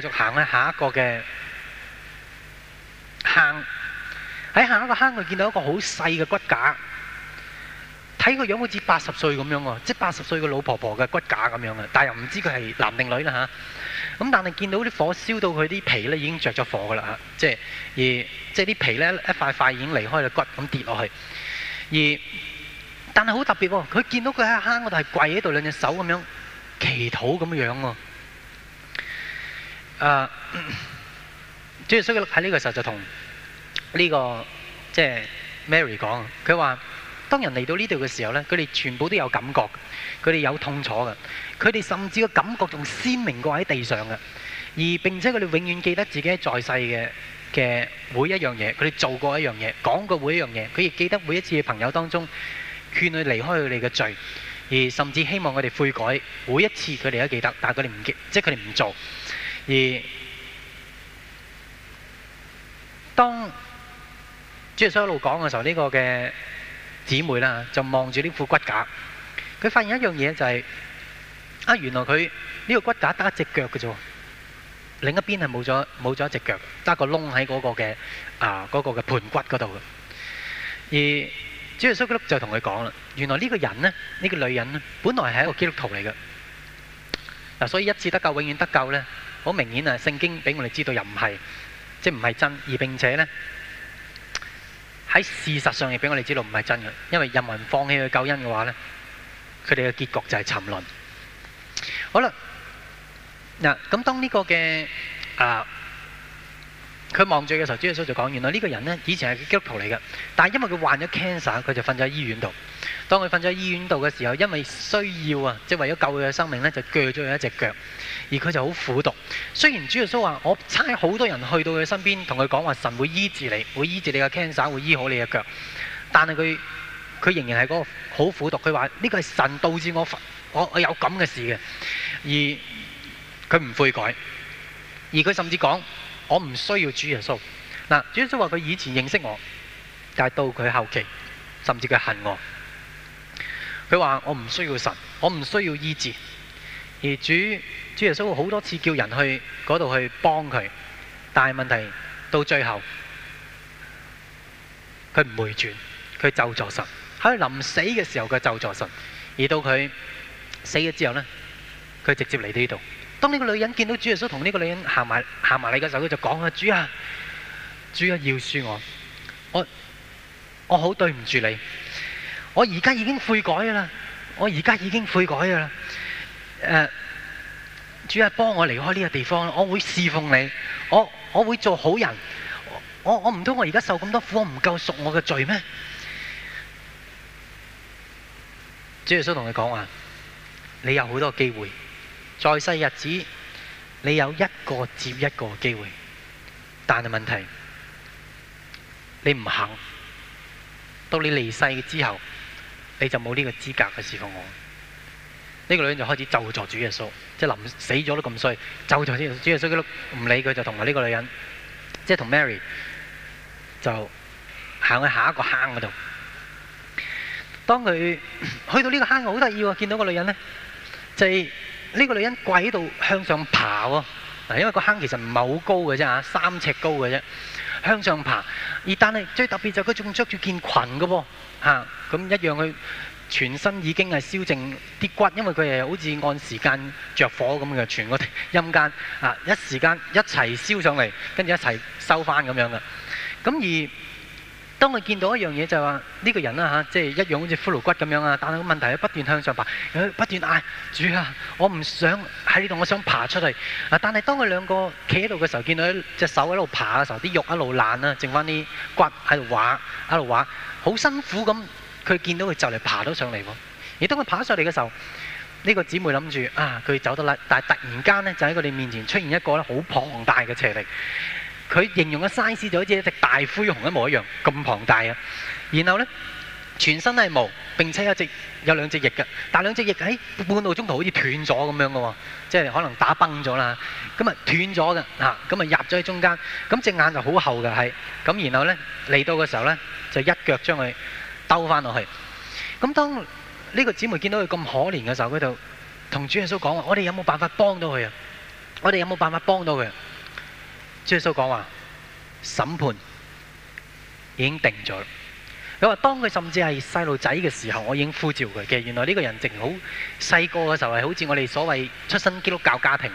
繼續行去下一個嘅。喺行一個坑，佢見到一個好細嘅骨架，睇個樣好似八十歲咁樣喎，即係八十歲嘅老婆婆嘅骨架咁樣嘅，但係又唔知佢係男定女啦吓。咁、啊、但係見到啲火燒到佢啲皮咧已經着咗火噶啦吓，即係而即係啲皮咧一塊塊已經離開咗骨咁跌落去。而但係好特別，佢見到佢喺坑嗰度係跪喺度，兩隻手咁樣祈禱咁樣樣喎。啊，即係、啊啊、所以喺呢個時候就同。呢個即係 Mary 講，佢話當人嚟到呢度嘅時候呢，佢哋全部都有感覺，佢哋有痛楚嘅，佢哋甚至個感覺仲鮮明過喺地上嘅。而並且佢哋永遠記得自己喺在世嘅嘅每一樣嘢，佢哋做過一樣嘢，講過每一樣嘢，佢亦記得每一次嘅朋友當中勸佢離開佢哋嘅罪，而甚至希望佢哋悔改。每一次佢哋都記得，但係佢哋唔記得，即係佢哋唔做。而當即係蘇格魯一路講嘅時候，呢個嘅姊妹啦，就望住呢副骨架，佢發現一樣嘢就係啊，原來佢呢個骨架得一隻腳嘅啫，另一邊係冇咗冇咗一隻腳，得個窿喺嗰個嘅啊嗰個嘅盤骨嗰度嘅。而即係蘇格魯就同佢講啦，原來呢個人咧，呢個女人咧，本來係一個基督徒嚟嘅。嗱，所以一次得救，永遠得救咧，好明顯啊！聖經俾我哋知道又唔係，即係唔係真，而並且咧。喺事實上亦俾我哋知道唔係真嘅，因為人民放棄去救恩嘅話呢，佢哋嘅結局就係沉淪。好啦，嗱，咁當呢個嘅啊，佢望住嘅時候，主耶穌就講：原來呢個人呢，以前係基督徒嚟嘅，但係因為佢患咗 cancer，佢就瞓咗喺醫院度。當佢瞓咗喺醫院度嘅時候，因為需要啊，即係為咗救佢嘅生命呢，就鋸咗佢一隻腳。而佢就好苦毒。雖然主耶穌話，我差好多人去到佢身邊，同佢講話神會醫治你，會醫治你嘅 cancer，會醫好你嘅腳。但係佢佢仍然係個好苦毒。佢話呢個係神導致我我我有咁嘅事嘅。而佢唔悔改，而佢甚至講我唔需要主耶穌。嗱，主耶穌話佢以前認識我，但係到佢後期，甚至佢恨我。佢話我唔需要神，我唔需要醫治，而主。主耶穌好多次叫人去嗰度去幫佢，但係問題到最後佢唔回轉，佢就助神。喺佢臨死嘅時候佢就助神，而到佢死咗之後呢，佢直接嚟到呢度。當呢個女人見到主耶穌同呢個女人行埋行埋嚟嘅時候，佢就講啊：主啊，主啊，饒恕我，我我好對唔住你，我而家已經悔改㗎啦，我而家已經悔改㗎啦，誒、呃。主啊，幫我離開呢個地方，我會侍奉你，我我會做好人，我我唔通我而家受咁多苦，我唔夠贖我嘅罪咩？主耶穌同你講啊，你有好多機會，在世日子你有一個接一個機會，但係問題你唔肯，到你離世之後你就冇呢個資格去侍奉我。呢個女人就開始求助主耶穌。即係臨死咗都咁衰，就就知佢衰，佢都唔理佢就同埋呢個女人，即係同 Mary 就行去下一個坑嗰度。當佢去到呢個坑，好得意喎！見到個女人咧，就係呢個女人跪喺度向上爬喎。嗱，因為個坑其實唔係好高嘅啫嚇，三尺高嘅啫，向上爬。而但係最特別就佢仲著住件裙嘅喎嚇，咁一樣去。全身已經係燒淨啲骨，因為佢係好似按時間着火咁嘅，全個陰間啊一時間一齊燒上嚟，跟住一齊收翻咁樣嘅。咁而當佢見到一樣嘢就係話呢個人啊，嚇，即係一樣好似骷髏骨咁樣啊，但係個問題係不斷向上爬，不斷嗌主啊，我唔想喺呢度，我想爬出去！啊，但係當佢兩個企喺度嘅時候，見到隻手喺度爬嘅時候，啲肉一路爛啊，剩翻啲骨喺度畫喺度畫，好辛苦咁。佢見到佢就嚟爬到上嚟喎，而當佢爬上嚟嘅時候，呢個姊妹諗住啊，佢走得甩，但係突然間咧就喺佢哋面前出現一個咧好龐大嘅邪力。佢形容嘅 size 就好似一隻大灰熊一模一樣咁龐大啊！然後咧全身係毛，並且有隻有兩隻翼嘅，但兩隻翼喺、哎、半個鐘頭好似斷咗咁樣嘅喎，即係可能打崩咗啦。咁啊斷咗嘅嚇，咁啊入咗喺中間，咁隻眼就好厚嘅係，咁然後咧嚟到嘅時候咧就一腳將佢。兜翻落去，咁當呢個姊妹見到佢咁可憐嘅時候，佢就同主耶穌講話：我哋有冇辦法幫到佢啊？我哋有冇辦法幫到佢啊？耶穌講話：審判已經定咗啦。佢話當佢甚至係細路仔嘅時候，我已經呼召佢嘅。原來呢個人淨好細個嘅時候，係好似我哋所謂出身基督教家庭，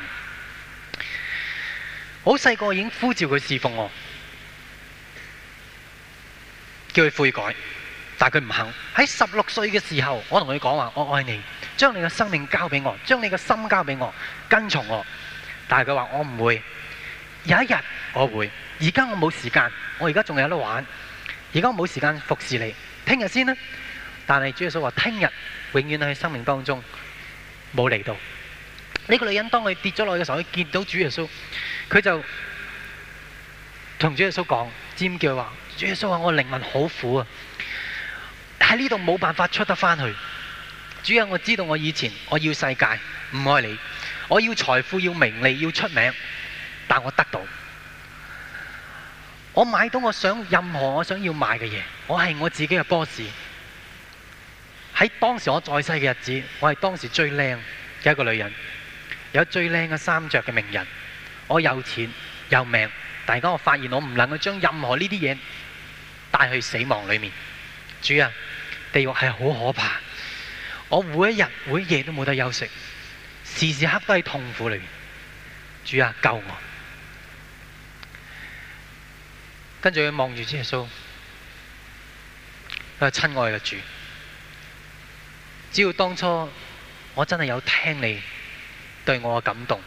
好細個已經呼召佢侍奉我，叫佢悔改。但佢唔肯喺十六歲嘅時候，我同佢講話：我愛你，將你嘅生命交俾我，將你嘅心交俾我，跟從我。但係佢話：我唔會，有一日我會。而家我冇時間，我而家仲有得玩。而家我冇時間服侍你，聽日先啦。但係主耶穌話：聽日永遠喺生命當中冇嚟到。呢、這個女人當佢跌咗落去嘅時候，佢見到主耶穌，佢就同主耶穌講尖叫話：主耶穌話，我靈魂好苦啊！喺呢度冇辦法出得翻去，主人，我知道我以前我要世界，唔愛你，我要財富、要名利、要出名，但我得到，我買到我想任何我想要買嘅嘢，我係我自己嘅 boss。喺當時我在世嘅日子，我係當時最靚嘅一個女人，有最靚嘅衫着嘅名人，我有錢有名。但而家我發現我唔能夠將任何呢啲嘢帶去死亡裏面，主人。地獄係好可怕，我每一日每一夜都冇得休息，時時刻都喺痛苦裏面。主啊，救我！跟住佢望住耶穌，佢係親愛嘅主，只要當初我真係有聽你對我嘅感動，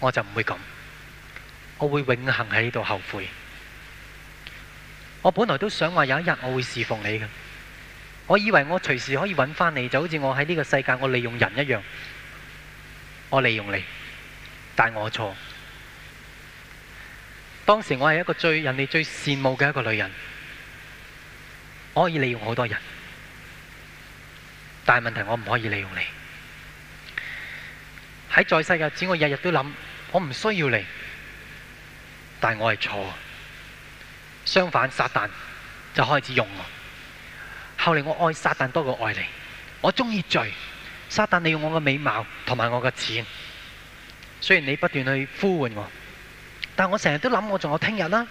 我就唔會咁，我會永恒喺呢度後悔。我本來都想話有一日我會侍奉你嘅。我以為我隨時可以揾翻你，就好似我喺呢個世界我利用人一樣，我利用你，但我錯。當時我係一個最人哋最羨慕嘅一個女人，我可以利用好多人，但問題我唔可以利用你。喺在，在世日子，我日日都諗，我唔需要你，但係我係錯。相反，撒旦就開始用我。後嚟我愛撒旦多過愛你，我中意罪，撒旦利用我嘅美貌同埋我嘅錢，雖然你不斷去呼喚我，但我成日都諗我仲有聽日啦，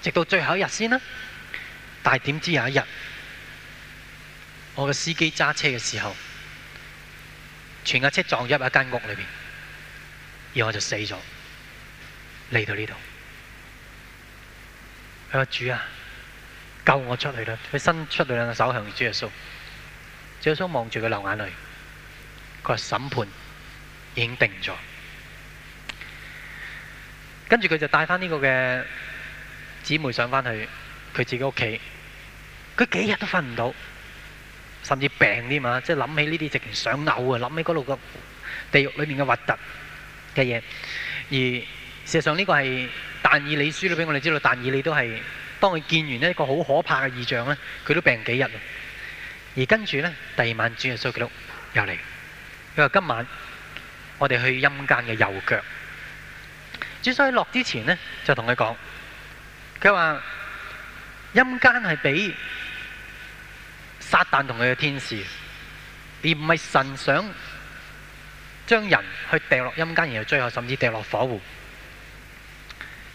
直到最後一日先啦。但係點知有一日，我嘅司機揸車嘅時候，全架車撞入一間屋裏邊，而我就死咗嚟到呢度。佢個主啊！救我出去啦！佢伸出兩個手向住主耶穌，主耶穌望住佢流眼淚。佢話審判已經定咗，跟住佢就帶翻呢個嘅姊妹上翻去佢自己屋企。佢幾日都瞓唔到，甚至病添嘛！即係諗起呢啲直情想嘔啊！諗起嗰度個地獄裏面嘅核突嘅嘢，而事實上呢個係但以理書裏邊俾我哋知道，但以理都係。當佢見完一個好可怕嘅異象呢，佢都病幾日。而跟住呢，第二晚主耶穌基督又嚟，佢話今晚我哋去陰間嘅右腳。主耶穌落之前呢，就同佢講，佢話陰間係俾撒旦同佢嘅天使，而唔係神想將人去掉落陰間，然後最後甚至掉落火湖。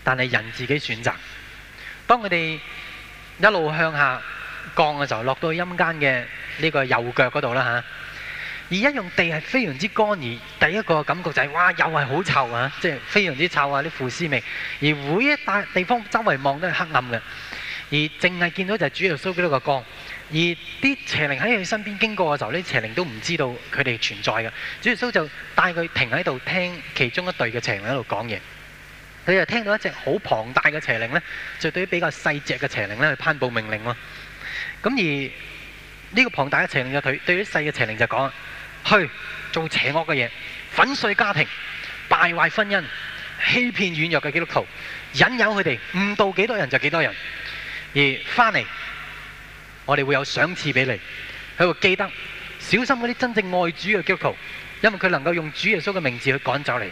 但係人自己選擇。當佢哋一路向下降嘅時候，落到陰間嘅呢個右腳嗰度啦吓。而一樣地係非常之乾而，第一個感覺就係哇，又係好臭啊！即係非常之臭啊，啲腐屍味。而每一笪地方周圍望都係黑暗嘅，而淨係見到就係主耶穌幾多個光。而啲邪靈喺佢身邊經過嘅時候，啲邪靈都唔知道佢哋存在嘅。主耶穌就帶佢停喺度聽其中一隊嘅邪靈喺度講嘢。佢就聽到一隻好龐大嘅邪靈呢就對於比較細隻嘅邪靈呢去頒布命令喎。咁而呢個龐大嘅邪靈嘅佢對於細嘅邪靈就講：去做邪惡嘅嘢，粉碎家庭，敗壞婚姻，欺騙軟弱嘅基督徒，引誘佢哋，誤導幾多人就幾多人。而翻嚟，我哋會有賞賜俾你。佢會記得小心嗰啲真正愛主嘅基督徒，因為佢能夠用主耶穌嘅名字去趕走你。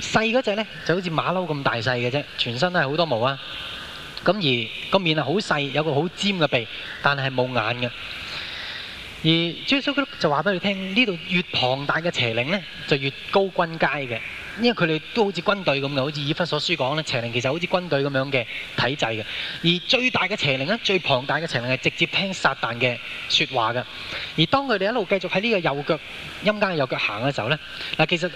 細嗰隻呢就好似馬騮咁大細嘅啫，全身都係好多毛啊！咁而個面係好細，有個好尖嘅鼻，但係冇眼嘅。而耶穌基督就話俾你聽：呢度越龐大嘅邪靈呢就越高軍階嘅，因為佢哋都好似軍隊咁嘅，好似《以弗所書》講呢，邪靈其實好似軍隊咁樣嘅體制嘅。而最大嘅邪靈呢，最龐大嘅邪靈係直接聽撒旦嘅説話嘅。而當佢哋一路繼續喺呢個右腳陰間嘅右腳行嘅時候呢，嗱其實。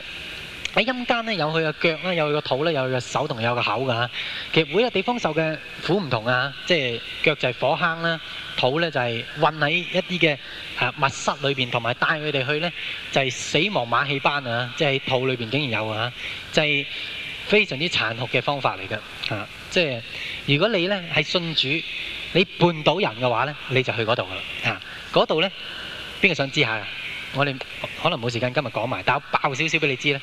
喺陰間咧有佢嘅腳啦，有佢嘅肚啦，有佢嘅手同有個口噶嚇。其實每一個地方受嘅苦唔同啊，即係腳就係火坑啦，肚咧就係困喺一啲嘅誒密室裏邊，同埋帶佢哋去咧就係、是、死亡馬戲班啊，即係肚裏邊竟然有啊，就係、是、非常之殘酷嘅方法嚟嘅嚇。即係如果你咧係信主，你叛倒人嘅話咧，你就去嗰度噶啦嚇。嗰度咧邊個想知下？我哋可能冇時間今日講埋，但我爆少少俾你知咧。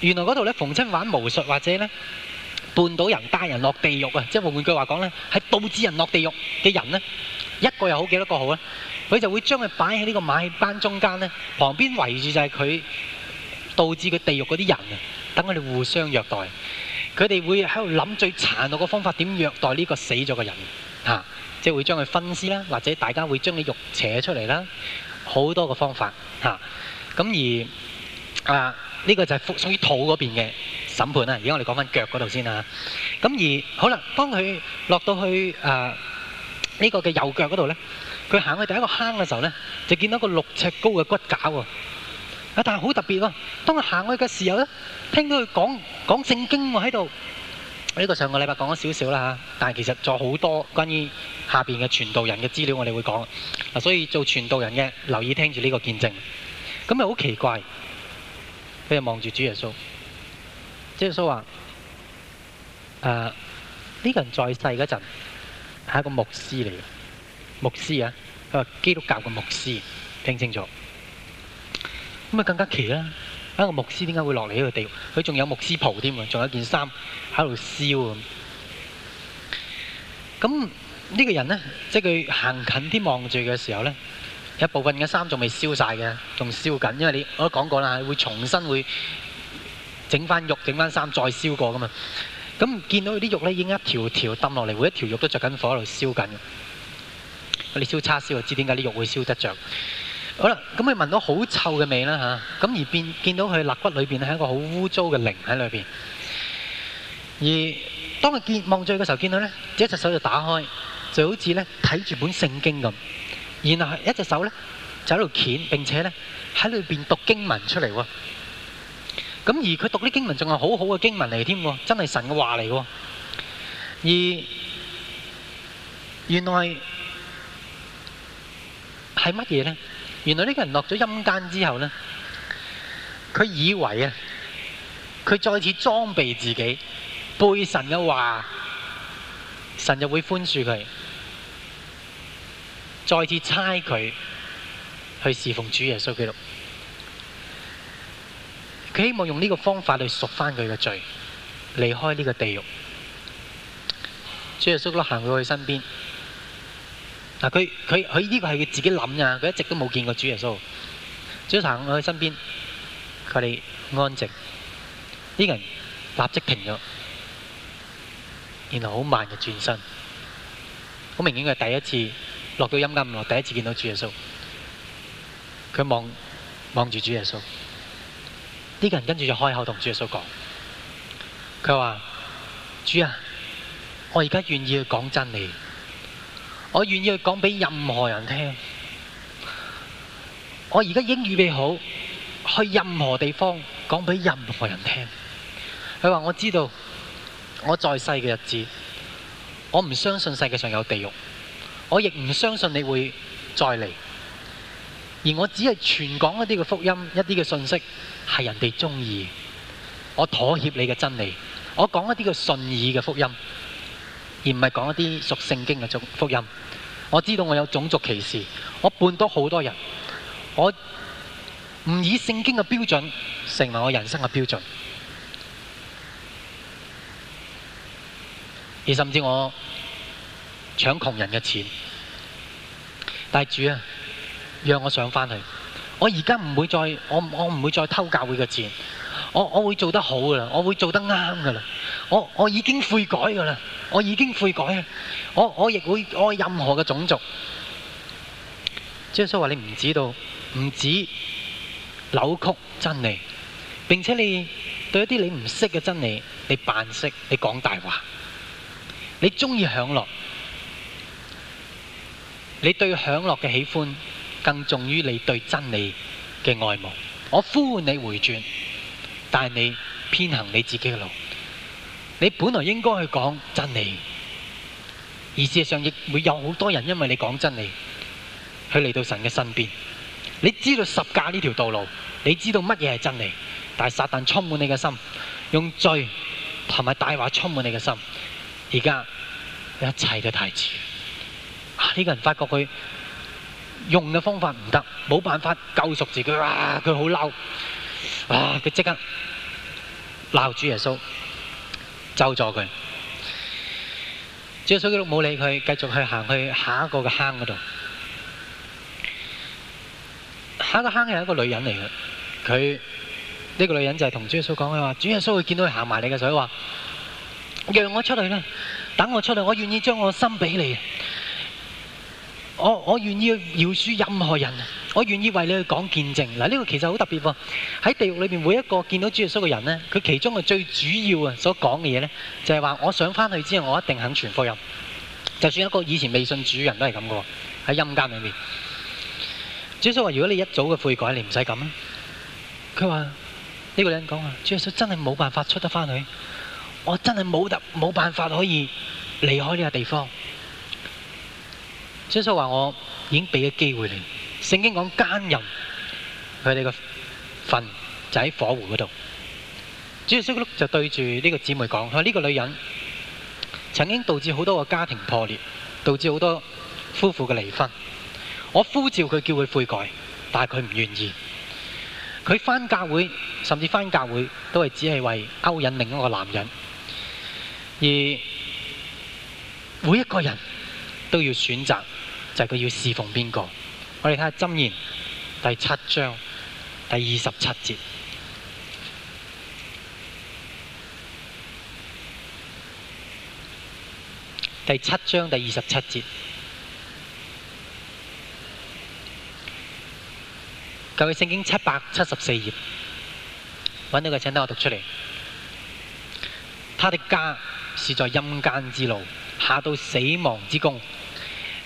原來嗰度咧，逢親玩巫術或者咧，半島人帶人落地獄啊！即係換句話講咧，係導致人落地獄嘅人咧，一個又好，幾多個好咧，佢就會將佢擺喺呢個馬戲班中間咧，旁邊圍住就係佢導致佢地獄嗰啲人啊，等佢哋互相虐待。佢哋會喺度諗最殘酷嘅方法點虐待呢個死咗嘅人啊！即係會將佢分屍啦，或者大家會將啲肉扯出嚟啦。好多個方法嚇，咁而啊呢個就係屬於肚嗰邊嘅審判啦。而家我哋講翻腳嗰度先啦。咁而好啦，當佢落到去啊呢個嘅右腳嗰度咧，佢行去第一個坑嘅時候咧，就見到個六尺高嘅骨架喎。啊，但係好特別咯。當佢行去嘅時候咧，聽到佢講講聖經喎喺度。呢個上個禮拜講咗少少啦嚇，但係其實仲有好多關於下邊嘅傳道人嘅資料，我哋會講。嗱，所以做傳道人嘅留意聽住呢個見證。咁又好奇怪，佢又望住主耶穌。主耶穌話：誒、呃，呢個人在世嗰陣係一個牧師嚟嘅，牧師啊，佢話基督教嘅牧師，聽清楚。咁啊更加奇啦！一個牧師點解會落嚟呢個地獄？佢仲有牧師袍添啊，仲有件衫喺度燒啊！咁呢個人呢，即係佢行近啲望住嘅時候呢，有部分嘅衫仲未燒晒嘅，仲燒緊，因為你我都講過啦吓，會重新會整翻肉、整翻衫再燒過噶嘛。咁見到佢啲肉呢，已經一條條抌落嚟，每一條肉都着緊火喺度燒緊。我哋燒叉燒就知點解啲肉會燒得着。好啦，咁佢聞到好臭嘅味啦嚇，咁而變見到佢肋骨裏邊咧係一個好污糟嘅靈喺裏邊，而當佢見望住嘅時候見到咧，一隻手就打開，就好似咧睇住本聖經咁，然後一隻手咧就喺度鉗並且咧喺裏邊讀經文出嚟喎，咁而佢讀啲經文仲係好好嘅經文嚟添喎，真係神嘅話嚟喎，而原來係乜嘢咧？原來呢個人落咗陰間之後呢，佢以為啊，佢再次裝備自己，背神嘅話，神就會寬恕佢，再次差佢去侍奉主耶穌基督。佢希望用呢個方法去贖翻佢嘅罪，離開呢個地獄。主耶穌都行到佢身邊。嗱，佢佢佢呢個係佢自己諗㗎，佢一直都冇見過主耶穌。主耶穌行喺佢身邊，佢哋安靜。呢個人立即停咗，然後好慢嘅轉身，好明顯佢係第一次落到陰間嘅，第一次見到主耶穌。佢望望住主耶穌，呢個人跟住就開口同主耶穌講：佢話主啊，我而家願意去講真理。我願意去講俾任何人聽。我而家已經預備好，去任何地方講俾任何人聽。佢話我知道我在世嘅日子，我唔相信世界上有地獄，我亦唔相信你會再嚟。而我只係傳講一啲嘅福音，一啲嘅信息係人哋中意。我妥協你嘅真理，我講一啲嘅信義嘅福音。而唔係講一啲屬聖經嘅福音。我知道我有種族歧視，我絆倒好多人，我唔以聖經嘅標準成為我人生嘅標準，而甚至我搶窮人嘅錢。大主啊，讓我上返去，我而家唔會再，我我唔會再偷教會嘅錢。我我會做得好噶啦，我會做得啱噶啦。我我已經悔改噶啦，我已經悔改啊。我已經悔改了我，我亦會我任何嘅種族，即係話你唔知道，唔止扭曲真理，並且你對一啲你唔識嘅真理，你扮識，你講大話，你中意享樂，你對享樂嘅喜歡更重於你對真理嘅愛慕。我呼喚你回轉。但係你偏行你自己嘅路，你本來應該去講真理，而事實上亦會有好多人因為你講真理，去嚟到神嘅身邊。你知道十架呢條道路，你知道乜嘢係真理，但係撒旦充滿你嘅心，用罪同埋大話充滿你嘅心。而家一切都太遲。啊！呢個人發覺佢用嘅方法唔得，冇辦法救贖自己。哇！佢好嬲。哇！佢即刻鬧主耶穌，咒咗佢。主耶穌基督冇理佢，繼續去行去下一個嘅坑嗰度。下一個坑係一個女人嚟嘅，佢呢、這個女人就係同主耶穌講佢話：主耶穌，會見到佢行埋嚟嘅，所以話讓我出嚟啦，等我出嚟，我願意將我心俾你。我我願意去饒恕任何人，我願意為你去講見證。嗱，呢個其實好特別喎。喺地獄裏面，每一個見到主耶穌嘅人咧，佢其中嘅最主要啊，所講嘅嘢咧，就係話：我想翻去之後，我一定肯傳福音。就算一個以前未信主人都係咁嘅喎，喺陰間裏面。主耶穌話：如果你一早嘅悔改，你唔使咁啦。佢話：呢個人講啊，主耶穌真係冇辦法出得翻去，我真係冇得冇辦法可以離開呢個地方。主叔話我已經俾咗機會你。聖經講奸淫，佢哋個份就喺火湖嗰度。主耶穌就對住呢個姐妹講：佢話呢個女人曾經導致好多個家庭破裂，導致好多夫婦嘅離婚。我呼召佢叫佢悔改，但係佢唔願意。佢返教會，甚至返教會都係只係為勾引另一個男人。而每一個人都要選擇。但佢要侍奉邊個？我哋睇下《箴言》第七章第二十七節。第七章第二十七節，各位聖經七百七十四頁，揾到個請，等我讀出嚟。他的家是在陰間之路，下到死亡之宮。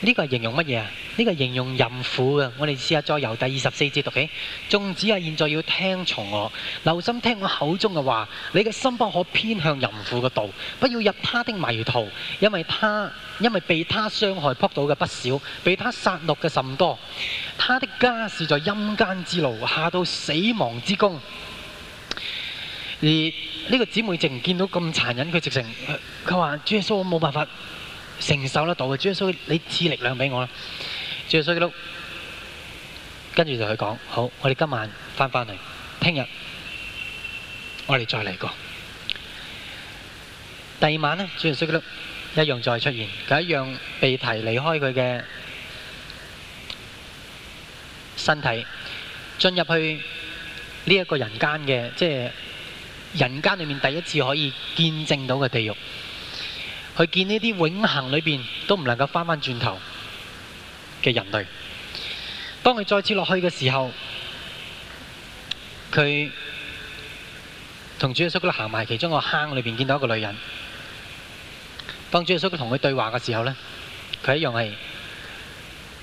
呢個係形容乜嘢啊？呢、這個係形容淫婦嘅。我哋試下再由第二十四節讀起。眾子啊，現在要聽從我，留心聽我口中嘅話。你嘅心不可偏向淫婦嘅道，不要入他的迷途，因為他因為被他傷害撲到嘅不少，被他殺戮嘅甚多。他的家是在陰間之路，下到死亡之宮。而呢個姊妹淨見到咁殘忍，佢直成佢話、呃，主耶穌，我冇辦法。承受得到嘅，主耶穌，你賜力量俾我啦，主耶穌基督，跟住就佢講，好，我哋今晚翻返嚟，聽日我哋再嚟過。第二晚呢，主耶穌基督一樣再出現，佢一樣被提離開佢嘅身體，進入去呢一個人間嘅，即係人間裏面第一次可以見證到嘅地獄。去見呢啲永恆裏面都唔能夠翻返轉頭嘅人類。當佢再次落去嘅時候，佢同主耶穌行埋其中一個坑裏面，見到一個女人。當主耶穌同佢對話嘅時候咧，佢一樣係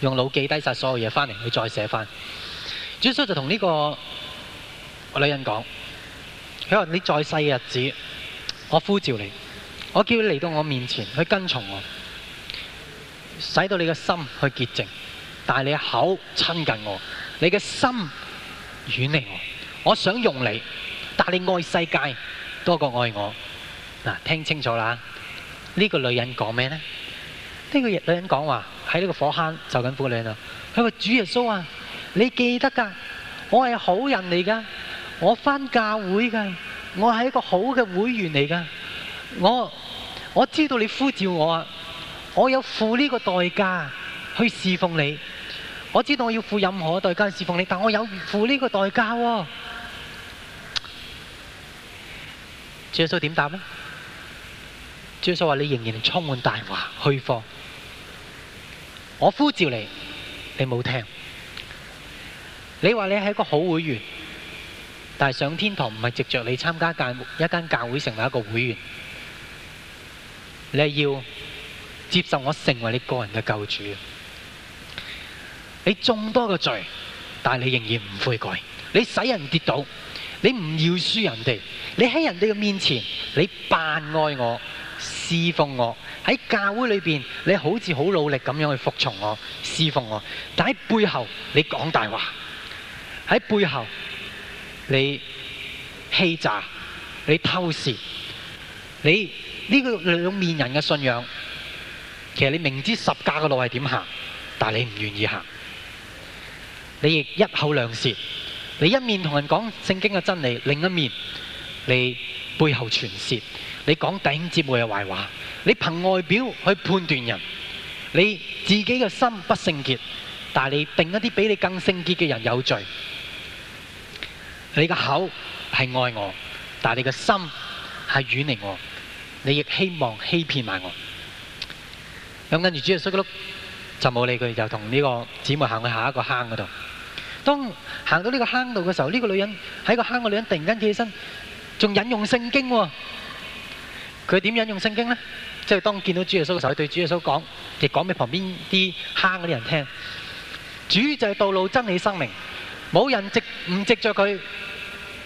用腦記低晒所有嘢翻嚟，去再寫翻。主耶穌就同呢個女人講，喺你在世嘅日子，我呼召你。我叫你嚟到我面前，去跟從我，使到你嘅心去潔淨，但係你嘅口親近我，你嘅心遠離我。我想用你，但你愛世界多過愛我。嗱，聽清楚啦！呢個女人講咩呢？呢個女人講話喺呢個火坑受緊苦咧，喺度佢話主耶穌啊，你記得㗎？我係好人嚟㗎，我返教會㗎，我係一個好嘅會員嚟㗎，我。我知道你呼召我啊，我有付呢個代價去侍奉你。我知道我要付任何代價去侍奉你，但我有付呢個代價，哦。耶穌點答呢？耶穌話：你仍然充滿大話虛謊。我呼召你，你冇聽。你話你係一個好會員，但係上天堂唔係藉着你參加一間教會成為一個會員。你係要接受我成為你個人嘅救主。你眾多個罪，但你仍然唔悔改。你使人跌倒，你唔饒恕人哋。你喺人哋嘅面前，你扮愛我、侍奉我。喺教會裏邊，你好似好努力咁樣去服從我、侍奉我。但喺背後，你講大話。喺背後，你欺詐，你偷竊，你。呢個兩面人嘅信仰，其實你明知十架嘅路係點行，但係你唔願意行。你亦一口兩舌，你一面同人講聖經嘅真理，另一面你背後傳舌，你講弟兄姊妹嘅壞話。你憑外表去判斷人，你自己嘅心不聖潔，但係你定一啲比你更聖潔嘅人有罪。你嘅口係愛我，但係你嘅心係遠離我。你亦希望欺騙埋我。咁跟住主耶穌嗰碌，就冇理佢，就同呢個姊妹行去下一個坑嗰度。當行到呢個坑度嘅時候，呢個女人喺個坑嘅女人突然間企起身，仲引用聖經喎。佢點引用聖經呢？即係當見到主耶穌嘅時候，對主耶穌講，亦講俾旁邊啲坑嗰啲人聽。主就係道路真理生命，冇人藉唔藉著佢，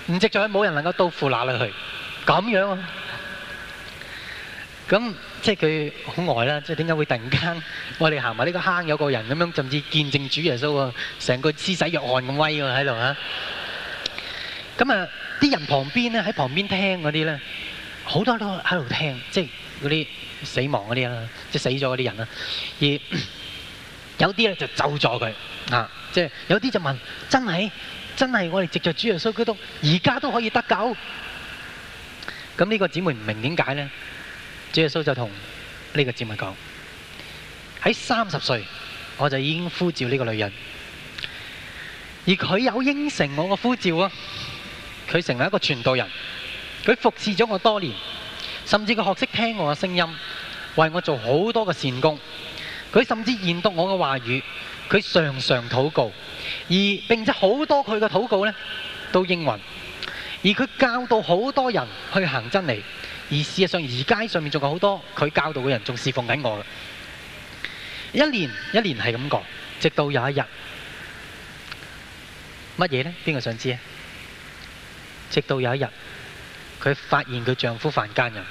唔藉著佢，冇人能夠到父那裡去。咁樣啊！咁即係佢好呆啦！即係點解會突然間我哋行埋呢個坑有個人咁樣，甚至見證主耶穌喎，成個施洗約翰咁威喎喺度啊！咁啊，啲人旁邊咧喺旁邊聽嗰啲咧，好多都喺度聽，即係嗰啲死亡嗰啲啦，即係死咗嗰啲人啦。而有啲咧就走咗佢啊！即係有啲就問：真係真係我哋藉著主耶穌佢都而家都可以得救？咁呢個姊妹唔明點解咧？主耶穌就同呢個姊妹講：喺三十歲，我就已經呼召呢個女人，而佢有應承我嘅呼召啊！佢成為一個傳道人，佢服侍咗我多年，甚至佢學識聽我嘅聲音，為我做好多嘅善工。佢甚至研讀我嘅話語，佢常常禱告，而並且好多佢嘅禱告咧都應允。而佢教導好多人去行真理。而事實上，而街上面仲有好多佢教導嘅人，仲侍奉緊我一。一年一年係咁講，直到有一日，乜嘢呢？邊個想知啊？直到有一日，佢發現佢丈夫犯奸淫。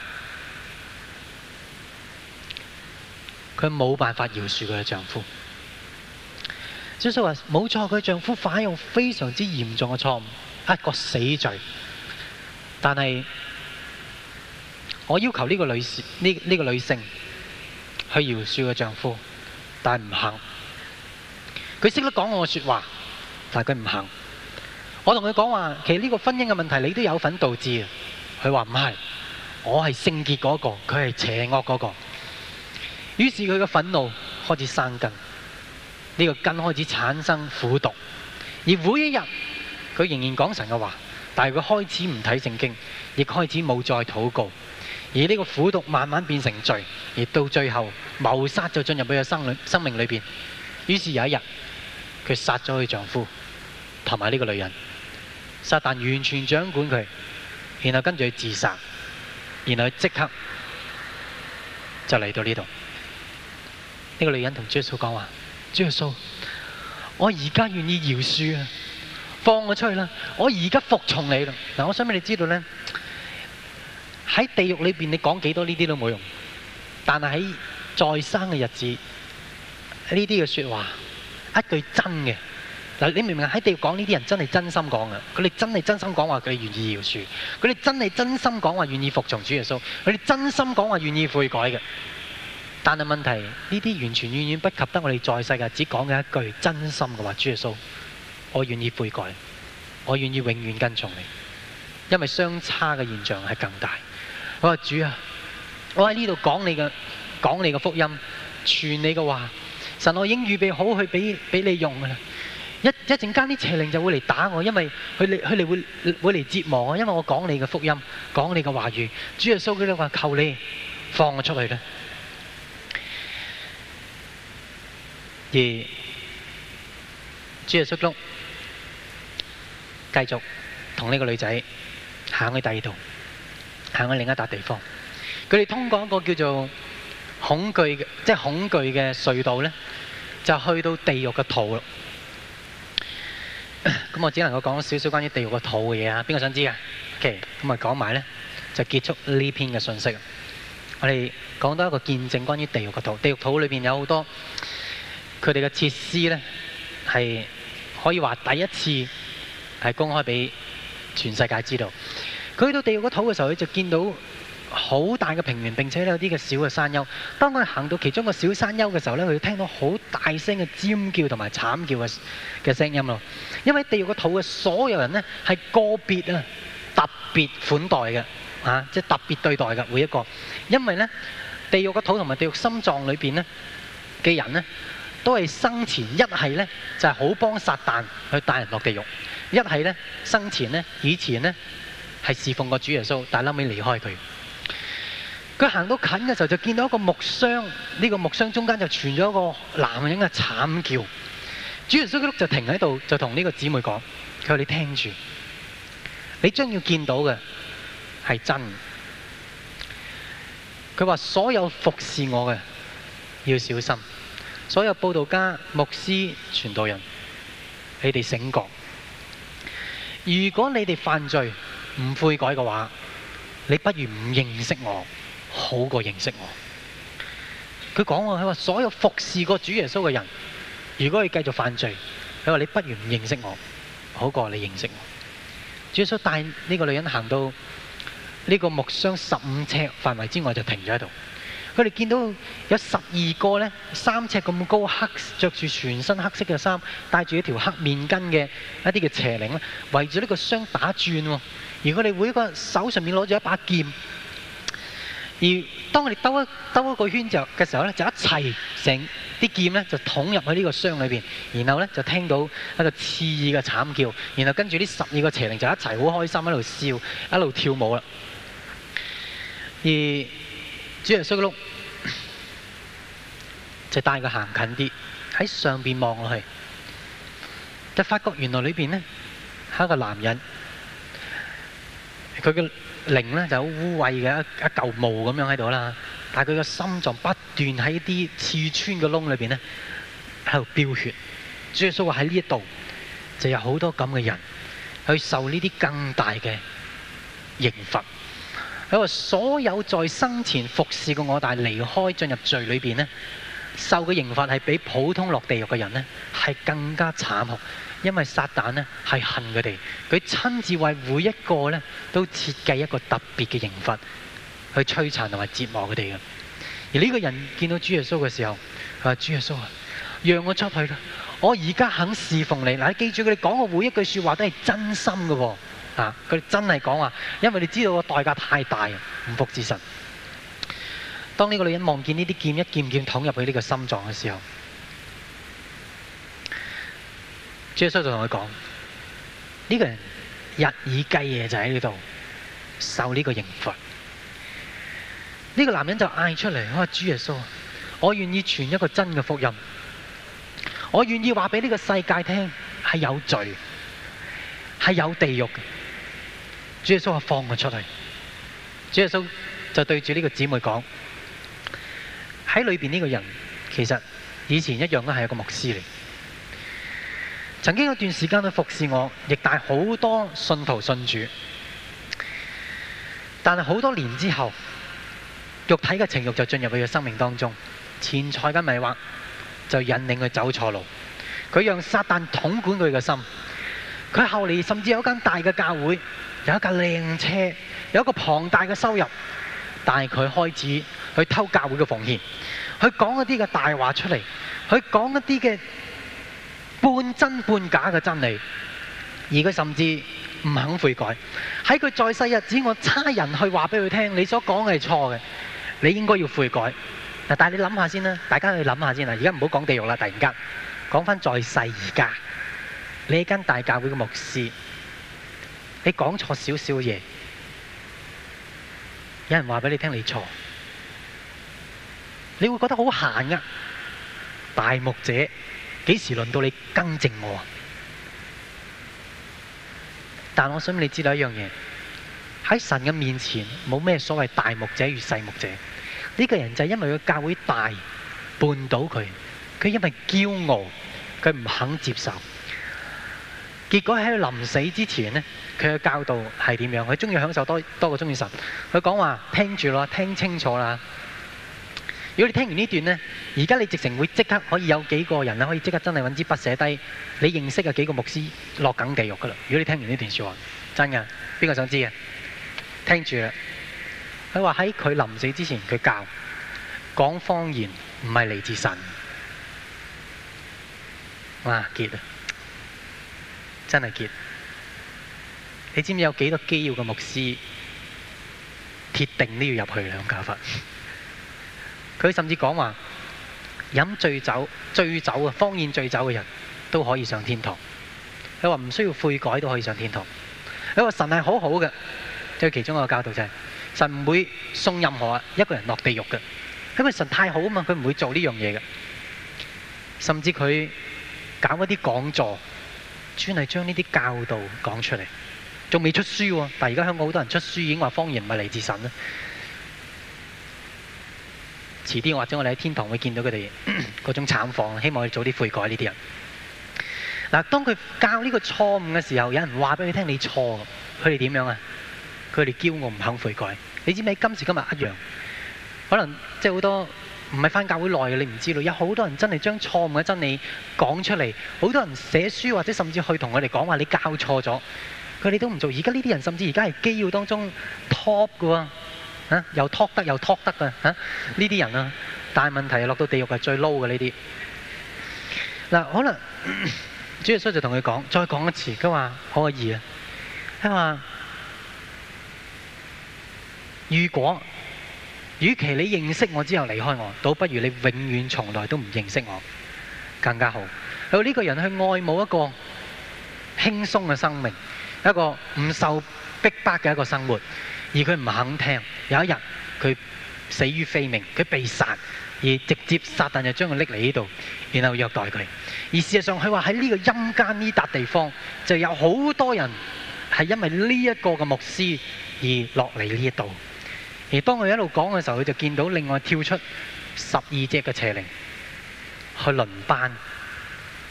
佢冇辦法饒恕佢嘅丈夫。耶穌話：冇錯，佢丈夫犯有非常之嚴重嘅錯誤，一個死罪。但係我要求呢個女士，呢、呢、呢個女性去饒恕佢丈夫，但係唔行。佢識得講我嘅説話，但係佢唔肯。我同佢講話，其實呢個婚姻嘅問題你都有份導致。佢話唔係，我係聖潔嗰、嗰個，佢係邪惡嗰、嗰個。於是佢嘅憤怒開始生根，呢、呢個根開始產生苦毒。而每一日佢仍然講神嘅話，但係佢開始唔睇聖經，亦開始冇再禱告。而呢個苦毒慢慢變成罪，而到最後謀殺就進入佢嘅生生命裏邊。於是有一日，佢殺咗佢丈夫同埋呢個女人，撒旦完全掌管佢，然後跟住佢自殺，然後即刻就嚟到呢度。呢個女人同耶穌講話：耶穌，我而家願意饒恕啊，放我出去啦！我而家服從你啦。嗱，我想俾你知道呢。喺地獄裏邊，你講幾多呢啲都冇用。但係喺在生嘅日子，呢啲嘅說話一句真嘅。嗱，你明唔明啊？喺地獄講呢啲人真係真心講噶，佢哋真係真心講話佢願意饒恕，佢哋真係真心講話願意服從主耶穌，佢哋真心講話願意悔改嘅。但係問題呢啲完全遠遠不及得我哋在世嘅，只講嘅一句真心嘅話：主耶穌，我願意悔改，我願意永遠跟從你。因為相差嘅現象係更大。我話主啊，我喺呢度講你嘅，講你嘅福音，傳你嘅話，神我已經預備好去俾，俾你用噶啦。一，一陣間啲邪靈就會嚟打我，因為佢哋，佢哋會，會嚟折磨我，因為我講你嘅福音，講你嘅話語。主耶穌基督話，求你放我出去啦。而主耶穌基督繼續同呢個女仔行去第二度。行去另一笪地方，佢哋通過一個叫做恐懼嘅，即係恐懼嘅隧道呢就去到地獄嘅肚。咁我只能夠講少少關於地獄嘅肚嘅嘢啊！邊個想知啊？OK，咁啊講埋呢，就結束呢篇嘅信息。我哋講多一個見證關於地獄嘅肚，地獄肚裏邊有好多佢哋嘅設施呢係可以話第一次係公開俾全世界知道。佢去到地獄個肚嘅時候，佢就見到好大嘅平原，並且有啲嘅小嘅山丘。當佢行到其中個小山丘嘅時候咧，佢聽到好大聲嘅尖叫同埋慘叫嘅嘅聲音咯。因為地獄個肚嘅所有人咧，係個別啊特別款待嘅、啊，即係特別對待嘅每一個。因為咧地獄個肚同埋地獄心臟裏面咧嘅人咧，都係生前一係咧就係、是、好幫撒但去帶人落地獄，一係咧生前咧以前咧係侍奉個主耶穌，但係後尾離開佢。佢行到近嘅時候，就見到一個木箱，呢個木箱中間就傳咗一個男人嘅慘叫。主耶穌佢就停喺度，就同呢個姊妹講：佢話你聽住，你將要見到嘅係真。佢話所有服侍我嘅要小心，所有布道家、牧師、傳道人，你哋醒覺。如果你哋犯罪，唔悔改嘅話，你不如唔認識我，好過認識我。佢講話，佢話所有服侍過主耶穌嘅人，如果佢繼續犯罪，佢話你不如唔認識我，好過你認識我。主耶穌帶呢個女人行到呢個木箱十五尺範圍之外就停咗喺度。佢哋見到有十二個呢三尺咁高，黑著住全身黑色嘅衫，戴住一條黑面巾嘅一啲嘅邪靈咧，圍住呢個箱打轉喎。如果你會個手上面攞住一把劍，而當我哋兜一兜一個圈就嘅時候咧，就一齊成啲劍咧就捅入去呢個箱裏邊，然後咧就聽到一個刺耳嘅慘叫，然後跟住呢十二個邪靈就一齊好開心喺度笑，一路跳舞啦。而主耶穌嘅碌就帶佢行近啲，喺上邊望落去就發覺原來裏邊呢係一個男人。佢個靈咧就好污穢嘅一一嚿霧咁樣喺度啦，但係佢個心臟不斷喺啲刺穿嘅窿裏邊咧喺度飆血。主耶穌話喺呢一度就有好多咁嘅人去受呢啲更大嘅刑罰。佢話所有在生前服侍過我，但係離開進入罪裏邊呢，受嘅刑罰係比普通落地獄嘅人呢，係更加慘酷。因為撒旦咧係恨佢哋，佢親自為每一個咧都設計一個特別嘅刑罰去摧殘同埋折磨佢哋嘅。而呢個人見到主耶穌嘅時候，佢話：主耶穌啊，讓我出去啦！我而家肯侍奉你。嗱，你記住佢哋講嘅每一句説話都係真心嘅喎。啊，佢哋真係講話，因為你知道個代價太大，五福之神。當呢個女人望見呢啲劍一劍劍捅入去呢個心臟嘅時候，主耶穌就同佢講：呢個人日以繼夜就喺呢度受呢個刑罰。呢個男人就嗌出嚟：我話主耶穌，我願意傳一個真嘅福音，我願意話俾呢個世界聽，係有罪，係有地獄嘅。主耶穌就放佢出去。主耶穌就對住呢個姊妹講：喺裏邊呢個人其實以前一樣都係一個牧師嚟。曾經有段時間佢服侍我，亦帶好多信徒信主。但係好多年之後，肉體嘅情慾就進入佢嘅生命當中，錢財嘅迷惑就引領佢走錯路。佢讓撒但統管佢嘅心。佢後嚟甚至有一間大嘅教會，有一架靚車，有一個龐大嘅收入。但係佢開始去偷教會嘅奉獻，去講一啲嘅大話出嚟，去講一啲嘅。半真半假嘅真理，而佢甚至唔肯悔改。喺佢在世日子，我差人去話俾佢聽，你所講嘅係錯嘅，你應該要悔改。但係你諗下先啦，大家去諗下先啦。而家唔好講地獄啦，突然間講翻在世而家，你一間大教會嘅牧師，你講錯少少嘢，有人話俾你聽你錯，你會覺得好閒啊，大牧者。幾時輪到你更正我？但我想你知道的一樣嘢，喺神嘅面前冇咩所謂大牧者與細牧者。呢個人就係因為佢教會大，絆倒佢。佢因為驕傲，佢唔肯接受。結果喺佢臨死之前呢，佢嘅教導係點樣？佢中意享受多多過中意神。佢講話：聽住啦，聽清楚啦。如果你聽完呢段呢，而家你直情會即刻可以有幾個人咧，可以即刻真係揾支筆寫低你認識嘅幾個牧師落緊地獄噶啦！如果你聽完呢段說話，真㗎，邊個想知啊？聽住啦，佢話喺佢臨死之前，佢教講方言唔係嚟自神。哇結啊，真係結！你知唔知有幾多基要嘅牧師鐵定都要入去兩架佛？佢甚至講話飲醉酒、醉酒啊、方言醉酒嘅人都可以上天堂。佢話唔需要悔改都可以上天堂。佢話神係好好嘅，即係其中一個教導就係、是、神唔會送任何一個人落地獄嘅，因為神太好啊嘛，佢唔會做呢樣嘢嘅。甚至佢搞一啲講座，專係將呢啲教導講出嚟，仲未出書喎。但係而家香港好多人出書已經話方言唔係嚟自神。遲啲或者我哋喺天堂會見到佢哋嗰種慘況，希望佢早啲悔改呢啲人。嗱，當佢教呢個錯誤嘅時候，有人話俾佢聽，你錯，佢哋點樣啊？佢哋驕傲唔肯悔改。你知唔知今時今日一樣，可能即係好多唔係返教會耐嘅你唔知道，有好多人真係將錯誤嘅真理講出嚟，好多人寫書或者甚至去同佢哋講話，你教錯咗，佢哋都唔做。而家呢啲人甚至而家係機要當中 top 嘅。又託得又託得嘅嚇，呢啲人啊！大問題落到地獄係最撈嘅呢啲。嗱，可能主耶穌就同佢講，再講一次，佢話可以啊。佢話：如果，與其你認識我之後離開我，倒不如你永遠從來都唔認識我，更加好。佢話呢個人去愛慕一個輕鬆嘅生命，一個唔受逼迫嘅一個生活，而佢唔肯聽。有一日佢死於非命，佢被殺而直接撒但就將佢拎嚟呢度，然後虐待佢。而事實上佢話喺呢個陰間呢笪地方就有好多人係因為呢一個嘅牧師而落嚟呢一度。而當佢一路講嘅時候，佢就見到另外跳出十二隻嘅邪靈去輪班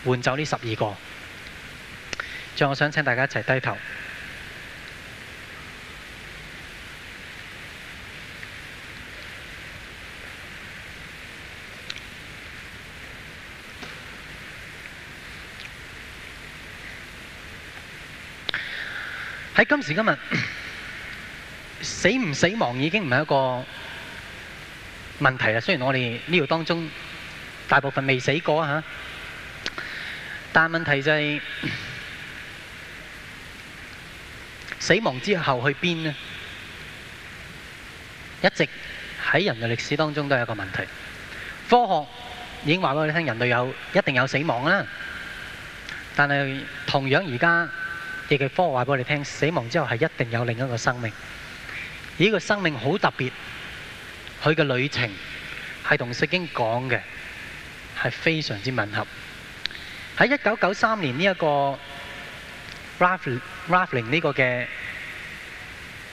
換走呢十二個。仲我想請大家一齊低頭。喺今時今日，死唔死亡已經唔係一個問題啦。雖然我哋呢條當中大部分未死過啊，嚇，但問題就係死亡之後去邊咧？一直喺人類歷史當中都係一個問題。科學已經話俾我哋聽，人類有一定有死亡啦。但係同樣而家。嘅科話俾我哋聽，死亡之後係一定有另一個生命，而呢個生命好特別，佢嘅旅程係同《聖經》講嘅係非常之吻合。喺一九九三年呢一個 Ruffling 呢個嘅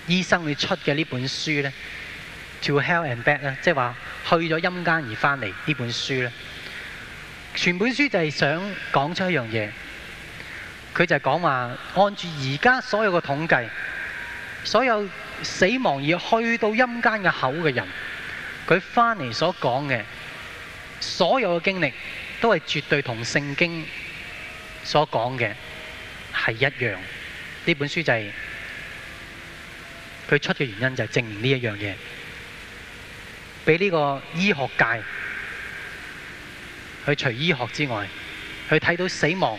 醫生佢出嘅呢本書呢《To Hell and Back》咧，即係話去咗陰間而翻嚟呢本書呢，全本書就係想講出一樣嘢。佢就係講話，按住而家所有嘅統計，所有死亡而去到陰間嘅口嘅人，佢翻嚟所講嘅所有嘅經歷，都係絕對同聖經所講嘅係一樣。呢本書就係，是，佢出嘅原因就，就係證明呢一樣嘢，俾呢個醫學界去除醫學之外，去睇到死亡。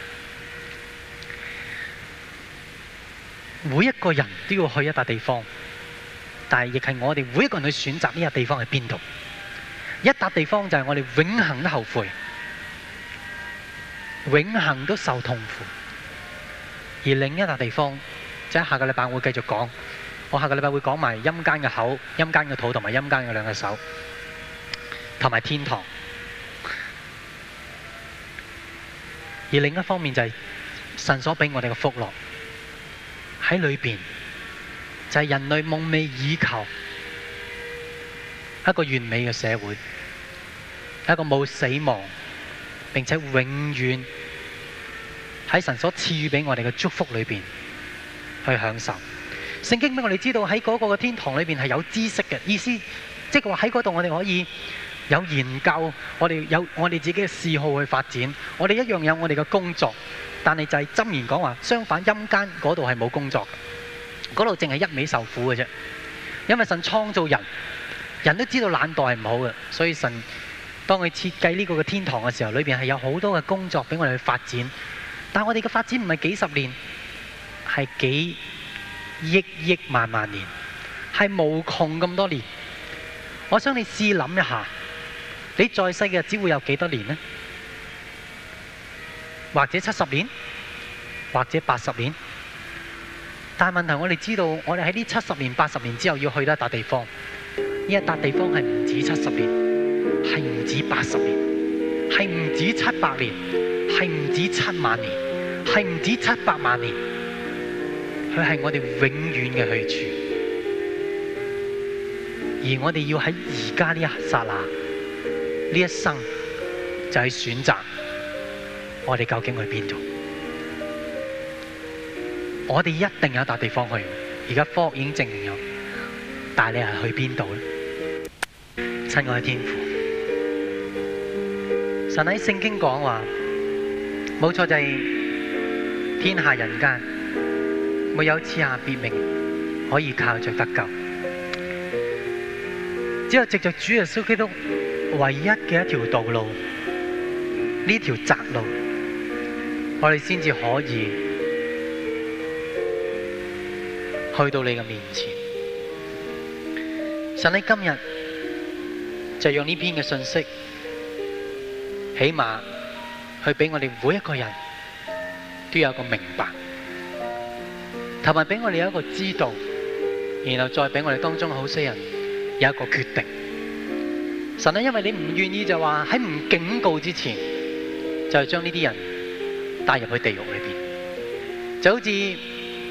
每一個人都要去一笪地方，但係亦係我哋每一個人去選擇呢個地方係邊度？一笪地方就係我哋永恆都後悔、永恆都受痛苦；而另一笪地方，即係下個禮拜我會繼續講。我下個禮拜會講埋陰間嘅口、陰間嘅肚同埋陰間嘅兩隻手，同埋天堂。而另一方面就係神所畀我哋嘅福樂。喺裏邊就係人類夢寐以求一個完美嘅社會，一個冇死亡，並且永遠喺神所賜予俾我哋嘅祝福裏邊去享受。聖經俾我哋知道喺嗰個嘅天堂裏邊係有知識嘅意思，即係話喺嗰度我哋可以有研究，我哋有我哋自己嘅嗜好去發展，我哋一樣有我哋嘅工作。但係就係針言講話，相反陰間嗰度係冇工作，嗰度淨係一味受苦嘅啫。因為神創造人，人都知道懶惰係唔好嘅，所以神當佢設計呢個嘅天堂嘅時候，裏邊係有好多嘅工作俾我哋去發展。但我哋嘅發展唔係幾十年，係幾億億萬萬年，係無窮咁多年。我想你試諗一下，你在世嘅日子會有幾多年呢？或者七十年，或者八十年，但係問題，我哋知道，我哋喺呢七十年、八十年之後要去一笪地方。呢一笪地方係唔止七十年，係唔止八十年，係唔止七百年，係唔止七萬年，係唔止七百萬年。佢係我哋永遠嘅去處，而我哋要喺而家呢一剎那，呢一生就係選擇。我哋究竟去邊度？我哋一定有一笪地方去，而家科學已經證明咗。但係你係去邊度咧？親愛嘅天父神喺聖經講話，冇錯就係、是、天下人間沒有賜下別名可以靠着得救，只有藉著主耶穌基督唯一嘅一條道路，呢條窄路。我哋先至可以去到你嘅面前。神喺今日就用呢篇嘅信息，起碼去畀我哋每一個人都有一個明白，同埋畀我哋有一個知道，然後再畀我哋當中好些人有一個決定。神咧，因為你唔願意就話，喺唔警告之前，就將呢啲人。帶入去地獄裏邊，就好似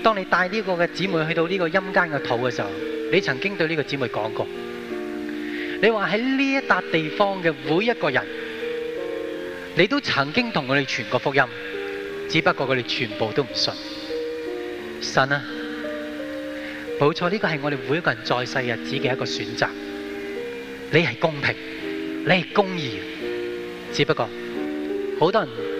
當你帶呢個嘅姊妹去到呢個陰間嘅土嘅時候，你曾經對呢個姊妹講過，你話喺呢一笪地方嘅每一個人，你都曾經同佢哋傳過福音，只不過佢哋全部都唔信，神啊，冇錯，呢個係我哋每一個人在世日子嘅一個選擇，你係公平，你係公義，只不過好多人。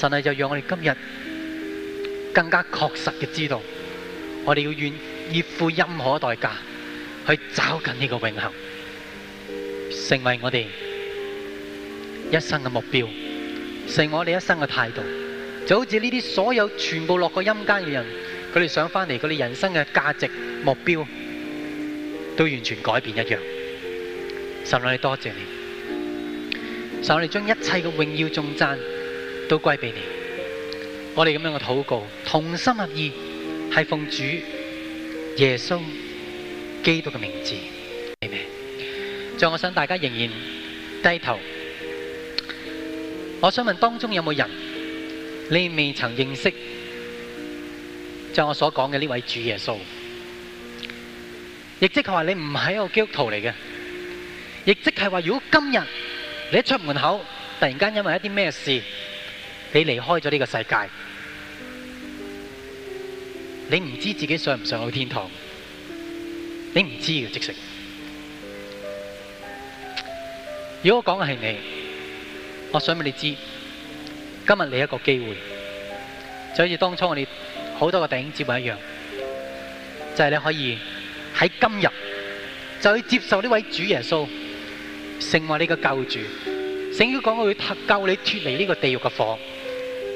神就讓我哋今日更加確實嘅知道我們，我哋要願意付任何代價去找緊呢個永恒，成為我哋一生嘅目標，成為我哋一生嘅態度，就好似呢啲所有全部落過陰間嘅人，佢哋想翻嚟，佢哋人生嘅價值目標都完全改變一樣。神我哋多謝你，神我哋將一切嘅榮耀頌讚。都歸俾你。我哋咁樣嘅禱告，同心合意，係奉主耶穌基督嘅名字。係咪？就我想，大家仍然低頭。我想問當中有冇人你未曾認識？就我所講嘅呢位主耶穌，亦即係話你唔係一個基督徒嚟嘅，亦即係話如果今日你一出門口，突然間因為一啲咩事，你離開咗呢個世界，你唔知自己上唔上去天堂，你唔知嘅即程。如果我講嘅係你，我想俾你知，今日你一個機會，就好似當初我哋好多個弟兄姊妹一樣，就係、是、你可以喺今日就去接受呢位主耶穌成為你嘅救主，聖經講佢救你脫離呢個地獄嘅火。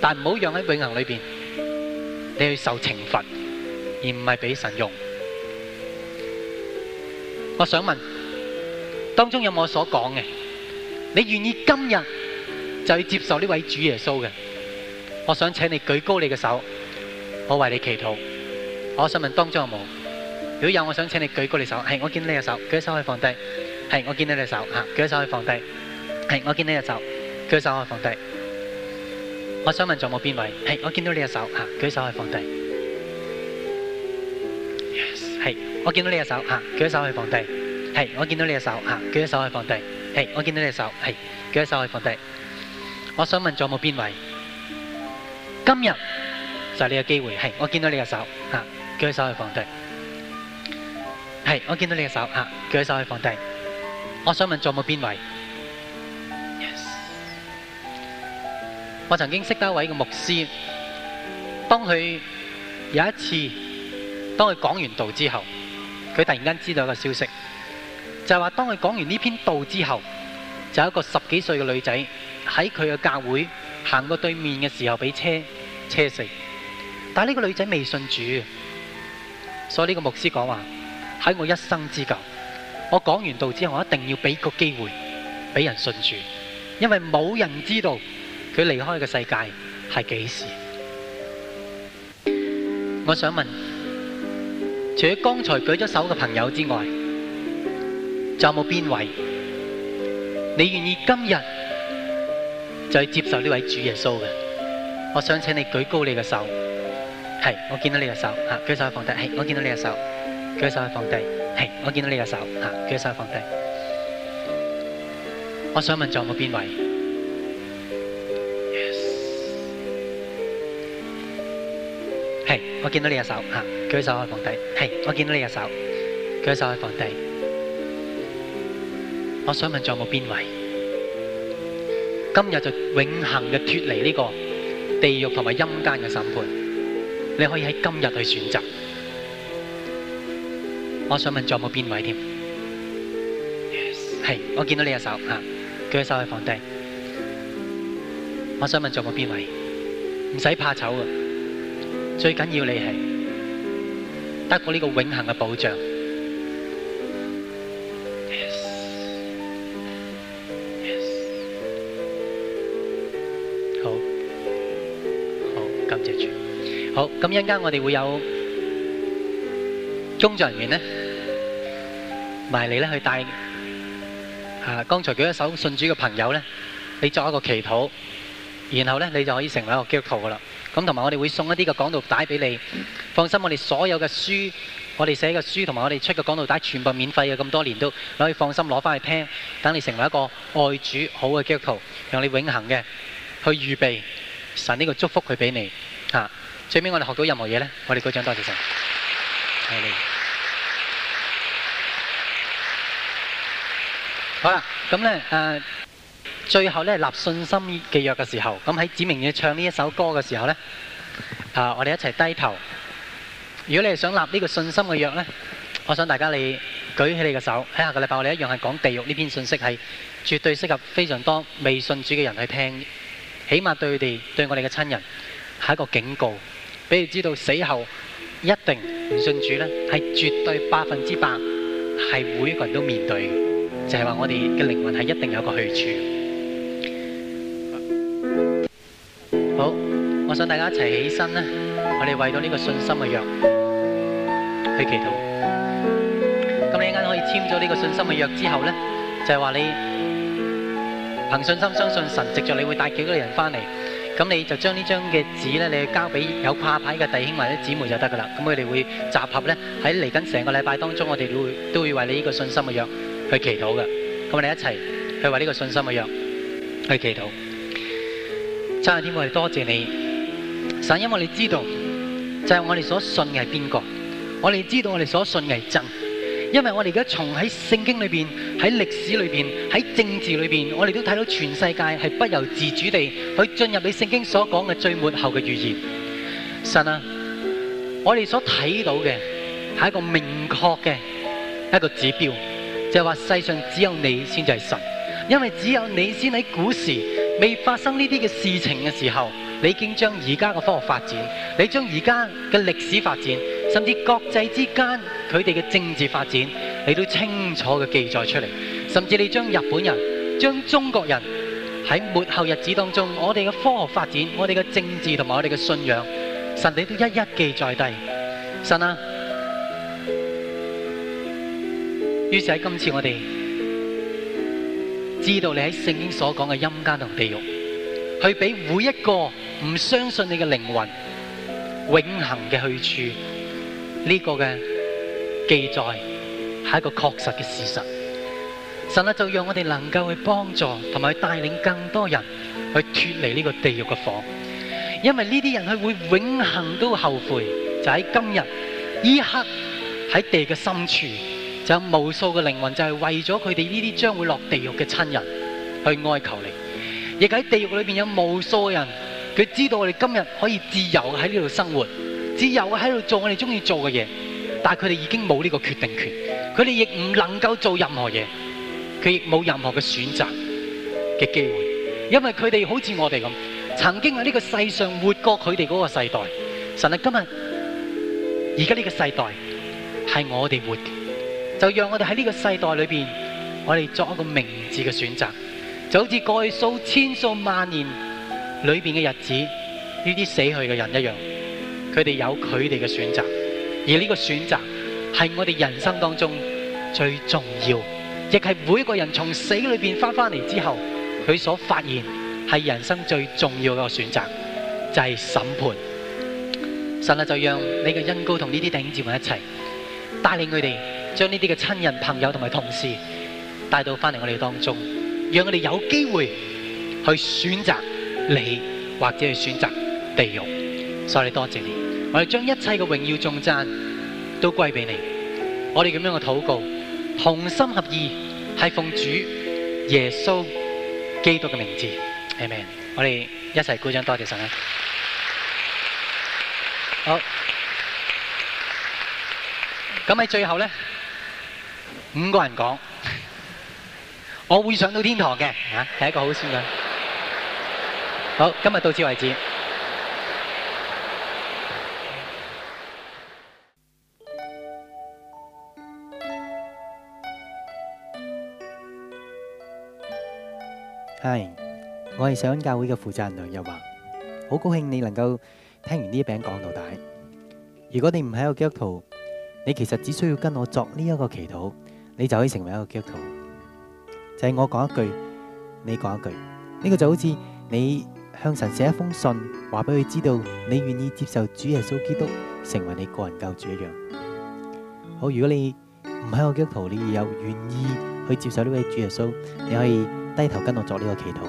但係唔好讓喺永恒裏邊，你要受懲罰，而唔係俾神用。我想問當中有冇我所講嘅？你願意今日就要接受呢位主耶穌嘅？我想請你舉高你嘅手，我為你祈禱。我想問當中有冇？如果有，我想請你舉高你手。係，我見你隻手，舉手可以放低。係，我見你隻手，吓，舉手可以放低。係，我見你隻手，舉手可以放低。我想問仲有冇邊位？係，我見到你隻手，嚇，舉手去放低。係，我見到你隻手，嚇，舉手去放低。係，我見到你隻手，嚇，舉手去放低。係，我見到你隻手，係，舉手去放低。我想問仲有冇邊位？今日就係你嘅機會。係，我見到你隻手，嚇，舉手去放低。係，我見到你隻手，嚇，舉手去放低。我想問仲有冇邊位？我曾經識得一位牧師，當佢有一次，當佢講完道之後，佢突然間知道一個消息，就係話當佢講完呢篇道之後，就有一個十幾歲嘅女仔喺佢嘅教會行過對面嘅時候俾車車死。但係呢個女仔未信主，所以呢個牧師講話喺我一生之久，我講完道之後我一定要俾個機會俾人信主，因為冇人知道。佢離開嘅世界係幾時？我想問，除咗剛才舉咗手嘅朋友之外，仲有冇邊位你願意今日就去接受呢位主耶穌嘅？我想請你舉高你嘅手，係我見到你嘅手，嚇，舉手放低，係我見到你嘅手，舉手放低，係我見到你嘅手，嚇，舉手放低。我想問，仲有冇邊位？我見到你隻手，嚇，舉手可以放低。係，我見到你隻手，舉手可以放低。我想問仲有冇邊位，今日就永恆嘅脫離呢個地獄同埋陰間嘅審判，你可以喺今日去選擇。我想問仲有冇邊位添？Yes。係，我見到你隻手，嚇，舉手可以放低。我想問仲有冇邊位？唔使怕醜㗎。最緊要你係得過呢個永恆嘅保障。好，好，感謝主。好，咁一陣間我哋會有工作人員咧，埋你咧去帶啊。剛才舉一手信主嘅朋友咧，你作一個祈禱，然後咧你就可以成為一個基督徒噶啦。咁同埋我哋會送一啲嘅講道帶俾你，放心，我哋所有嘅書，我哋寫嘅書同埋我哋出嘅講道帶，全部免費嘅，咁多年都可以放心攞翻去聽，等你成為一個愛主好嘅基督徒，讓你永恆嘅去預備，神呢個祝福佢俾你嚇，最尾我哋學到任何嘢呢，我哋舉掌多謝神。好啦，咁呢誒。最後咧，立信心嘅約嘅時候，咁喺指明要唱呢一首歌嘅時候呢，啊，我哋一齊低頭。如果你係想立呢個信心嘅約呢，我想大家你舉起你嘅手。喺下個禮拜我哋一樣係講地獄呢篇信息，係絕對適合非常多未信主嘅人去聽。起碼對佢哋，對我哋嘅親人係一個警告，俾你知道死後一定唔信主呢，係絕對百分之百係每一個人都面對嘅，就係話我哋嘅靈魂係一定有個去處。好，我想大家一齊起身咧，我哋為咗呢個信心嘅約去祈禱。咁你一陣可以簽咗呢個信心嘅約之後咧，就係話你憑信心相信神，藉着你會帶幾個人翻嚟，咁你就將呢張嘅紙咧，你交俾有掛牌嘅弟兄或者姊妹就得噶啦。咁佢哋會集合咧，喺嚟緊成個禮拜當中，我哋會都會為你呢個信心嘅約去祈禱嘅。咁我哋一齊去為呢個信心嘅約去祈禱。真係天父，我哋多謝你神，因為你知道，就係我哋所信嘅係邊個，我哋知道我哋所信嘅係真，因為我哋而家從喺聖經裏邊、喺歷史裏邊、喺政治裏邊，我哋都睇到全世界係不由自主地去進入你聖經所講嘅最末後嘅預言。神啊，我哋所睇到嘅係一個明確嘅一個指標，就係話世上只有你先至係神。因為只有你先喺古時未發生呢啲嘅事情嘅時候，你已經將而家嘅科學發展，你將而家嘅歷史發展，甚至國際之間佢哋嘅政治發展，你都清楚嘅記載出嚟。甚至你將日本人、將中國人喺末後日子當中，我哋嘅科學發展、我哋嘅政治同埋我哋嘅信仰，神你都一一記載低，神啊，於是喺今次我哋。知道你喺聖經所講嘅陰間同地獄，去俾每一個唔相信你嘅靈魂永恆嘅去處，呢個嘅記載係一個確實嘅事實。神啊，就讓我哋能夠去幫助同埋帶領更多人去脫離呢個地獄嘅火，因為呢啲人佢會永恆都後悔，就喺今日呢一刻喺地嘅深處。就有無數嘅靈魂，就係為咗佢哋呢啲將會落地獄嘅親人去哀求你。亦喺地獄裏邊有無數嘅人，佢知道我哋今日可以自由喺呢度生活，自由喺度做我哋中意做嘅嘢。但係佢哋已經冇呢個決定權，佢哋亦唔能夠做任何嘢，佢亦冇任何嘅選擇嘅機會。因為佢哋好似我哋咁，曾經喺呢個世上活過佢哋嗰個世代，神啊！今日而家呢個世代係我哋活的。就讓我哋喺呢個世代裏邊，我哋作一個明智嘅選擇，就好似過去數千數萬年裏邊嘅日子，呢啲死去嘅人一樣，佢哋有佢哋嘅選擇，而呢個選擇係我哋人生當中最重要，亦係每一個人從死裏邊翻翻嚟之後，佢所發現係人生最重要嘅一個選擇，就係、是、審判。神啊，就讓你嘅恩膏同呢啲弟兄姊妹一齊帶領佢哋。將呢啲嘅親人、朋友同埋同事帶到翻嚟，我哋當中，讓我哋有機會去選擇你，或者去選擇地獄。所以多謝你，我哋將一切嘅榮耀頌讚都歸俾你。我哋咁樣嘅禱告，同心合意，係奉主耶穌基督嘅名字，阿門。我哋一齊鼓掌，多謝神啊！好，咁喺最後咧。五個人講，我會上到天堂嘅嚇，係一個好説句。好，今日到此為止。係，我係上恩教會嘅負責人梁日華，好高興你能夠聽完呢篇講道。如果你唔係個基督徒，你其實只需要跟我作呢一個祈禱。你就可以成為一個基督徒，就係、是、我講一句，你講一句，呢、這個就好似你向神寫一封信，話俾佢知道你願意接受主耶穌基督成為你個人救主一樣。好，如果你唔係我基督徒，你有願意去接受呢位主耶穌，你可以低頭跟我作呢個祈禱。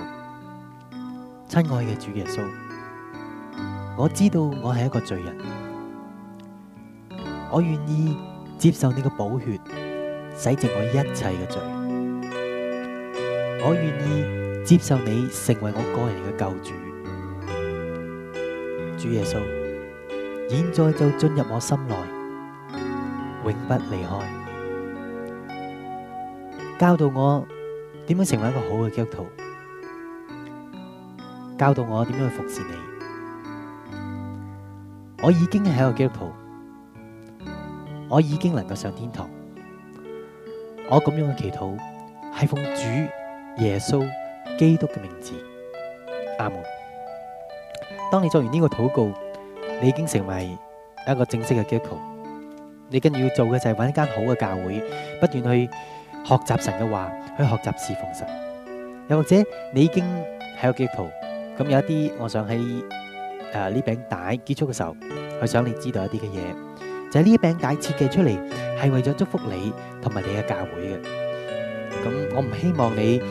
親愛嘅主耶穌，我知道我係一個罪人，我願意接受你嘅寶血，洗淨我一切嘅罪，我願意接受你成為我個人嘅救主。主耶穌，現在就進入我心內，永不離開。教導我點樣成為一個好嘅基督徒，教導我點樣去服侍你。我已經係一個基督徒，我已經能夠上天堂。我咁樣嘅祈禱係奉主耶穌基督嘅名字，阿門。當你作完呢個禱告，你已經成為一個正式嘅基督徒。你跟住要做嘅就係揾一間好嘅教會，不斷去學習神嘅話，去學習侍奉神。又或者你已經係個基督徒，咁有一啲，我想喺誒呢餅帶結束嘅時候，我想你知道一啲嘅嘢。就呢一餅帶設計出嚟，係為咗祝福你同埋你嘅教會嘅。咁我唔希望你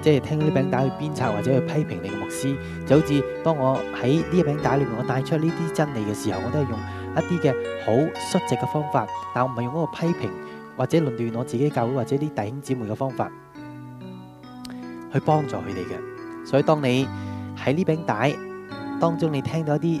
誒，即係聽到呢餅帶去鞭策或者去批評你嘅牧師。就好似當我喺呢一餅帶裏面，我帶出呢啲真理嘅時候，我都係用一啲嘅好率直嘅方法，但係我唔係用嗰個批評或者論斷我自己教會或者啲弟兄姊妹嘅方法去幫助佢哋嘅。所以當你喺呢餅帶當中，你聽到一啲，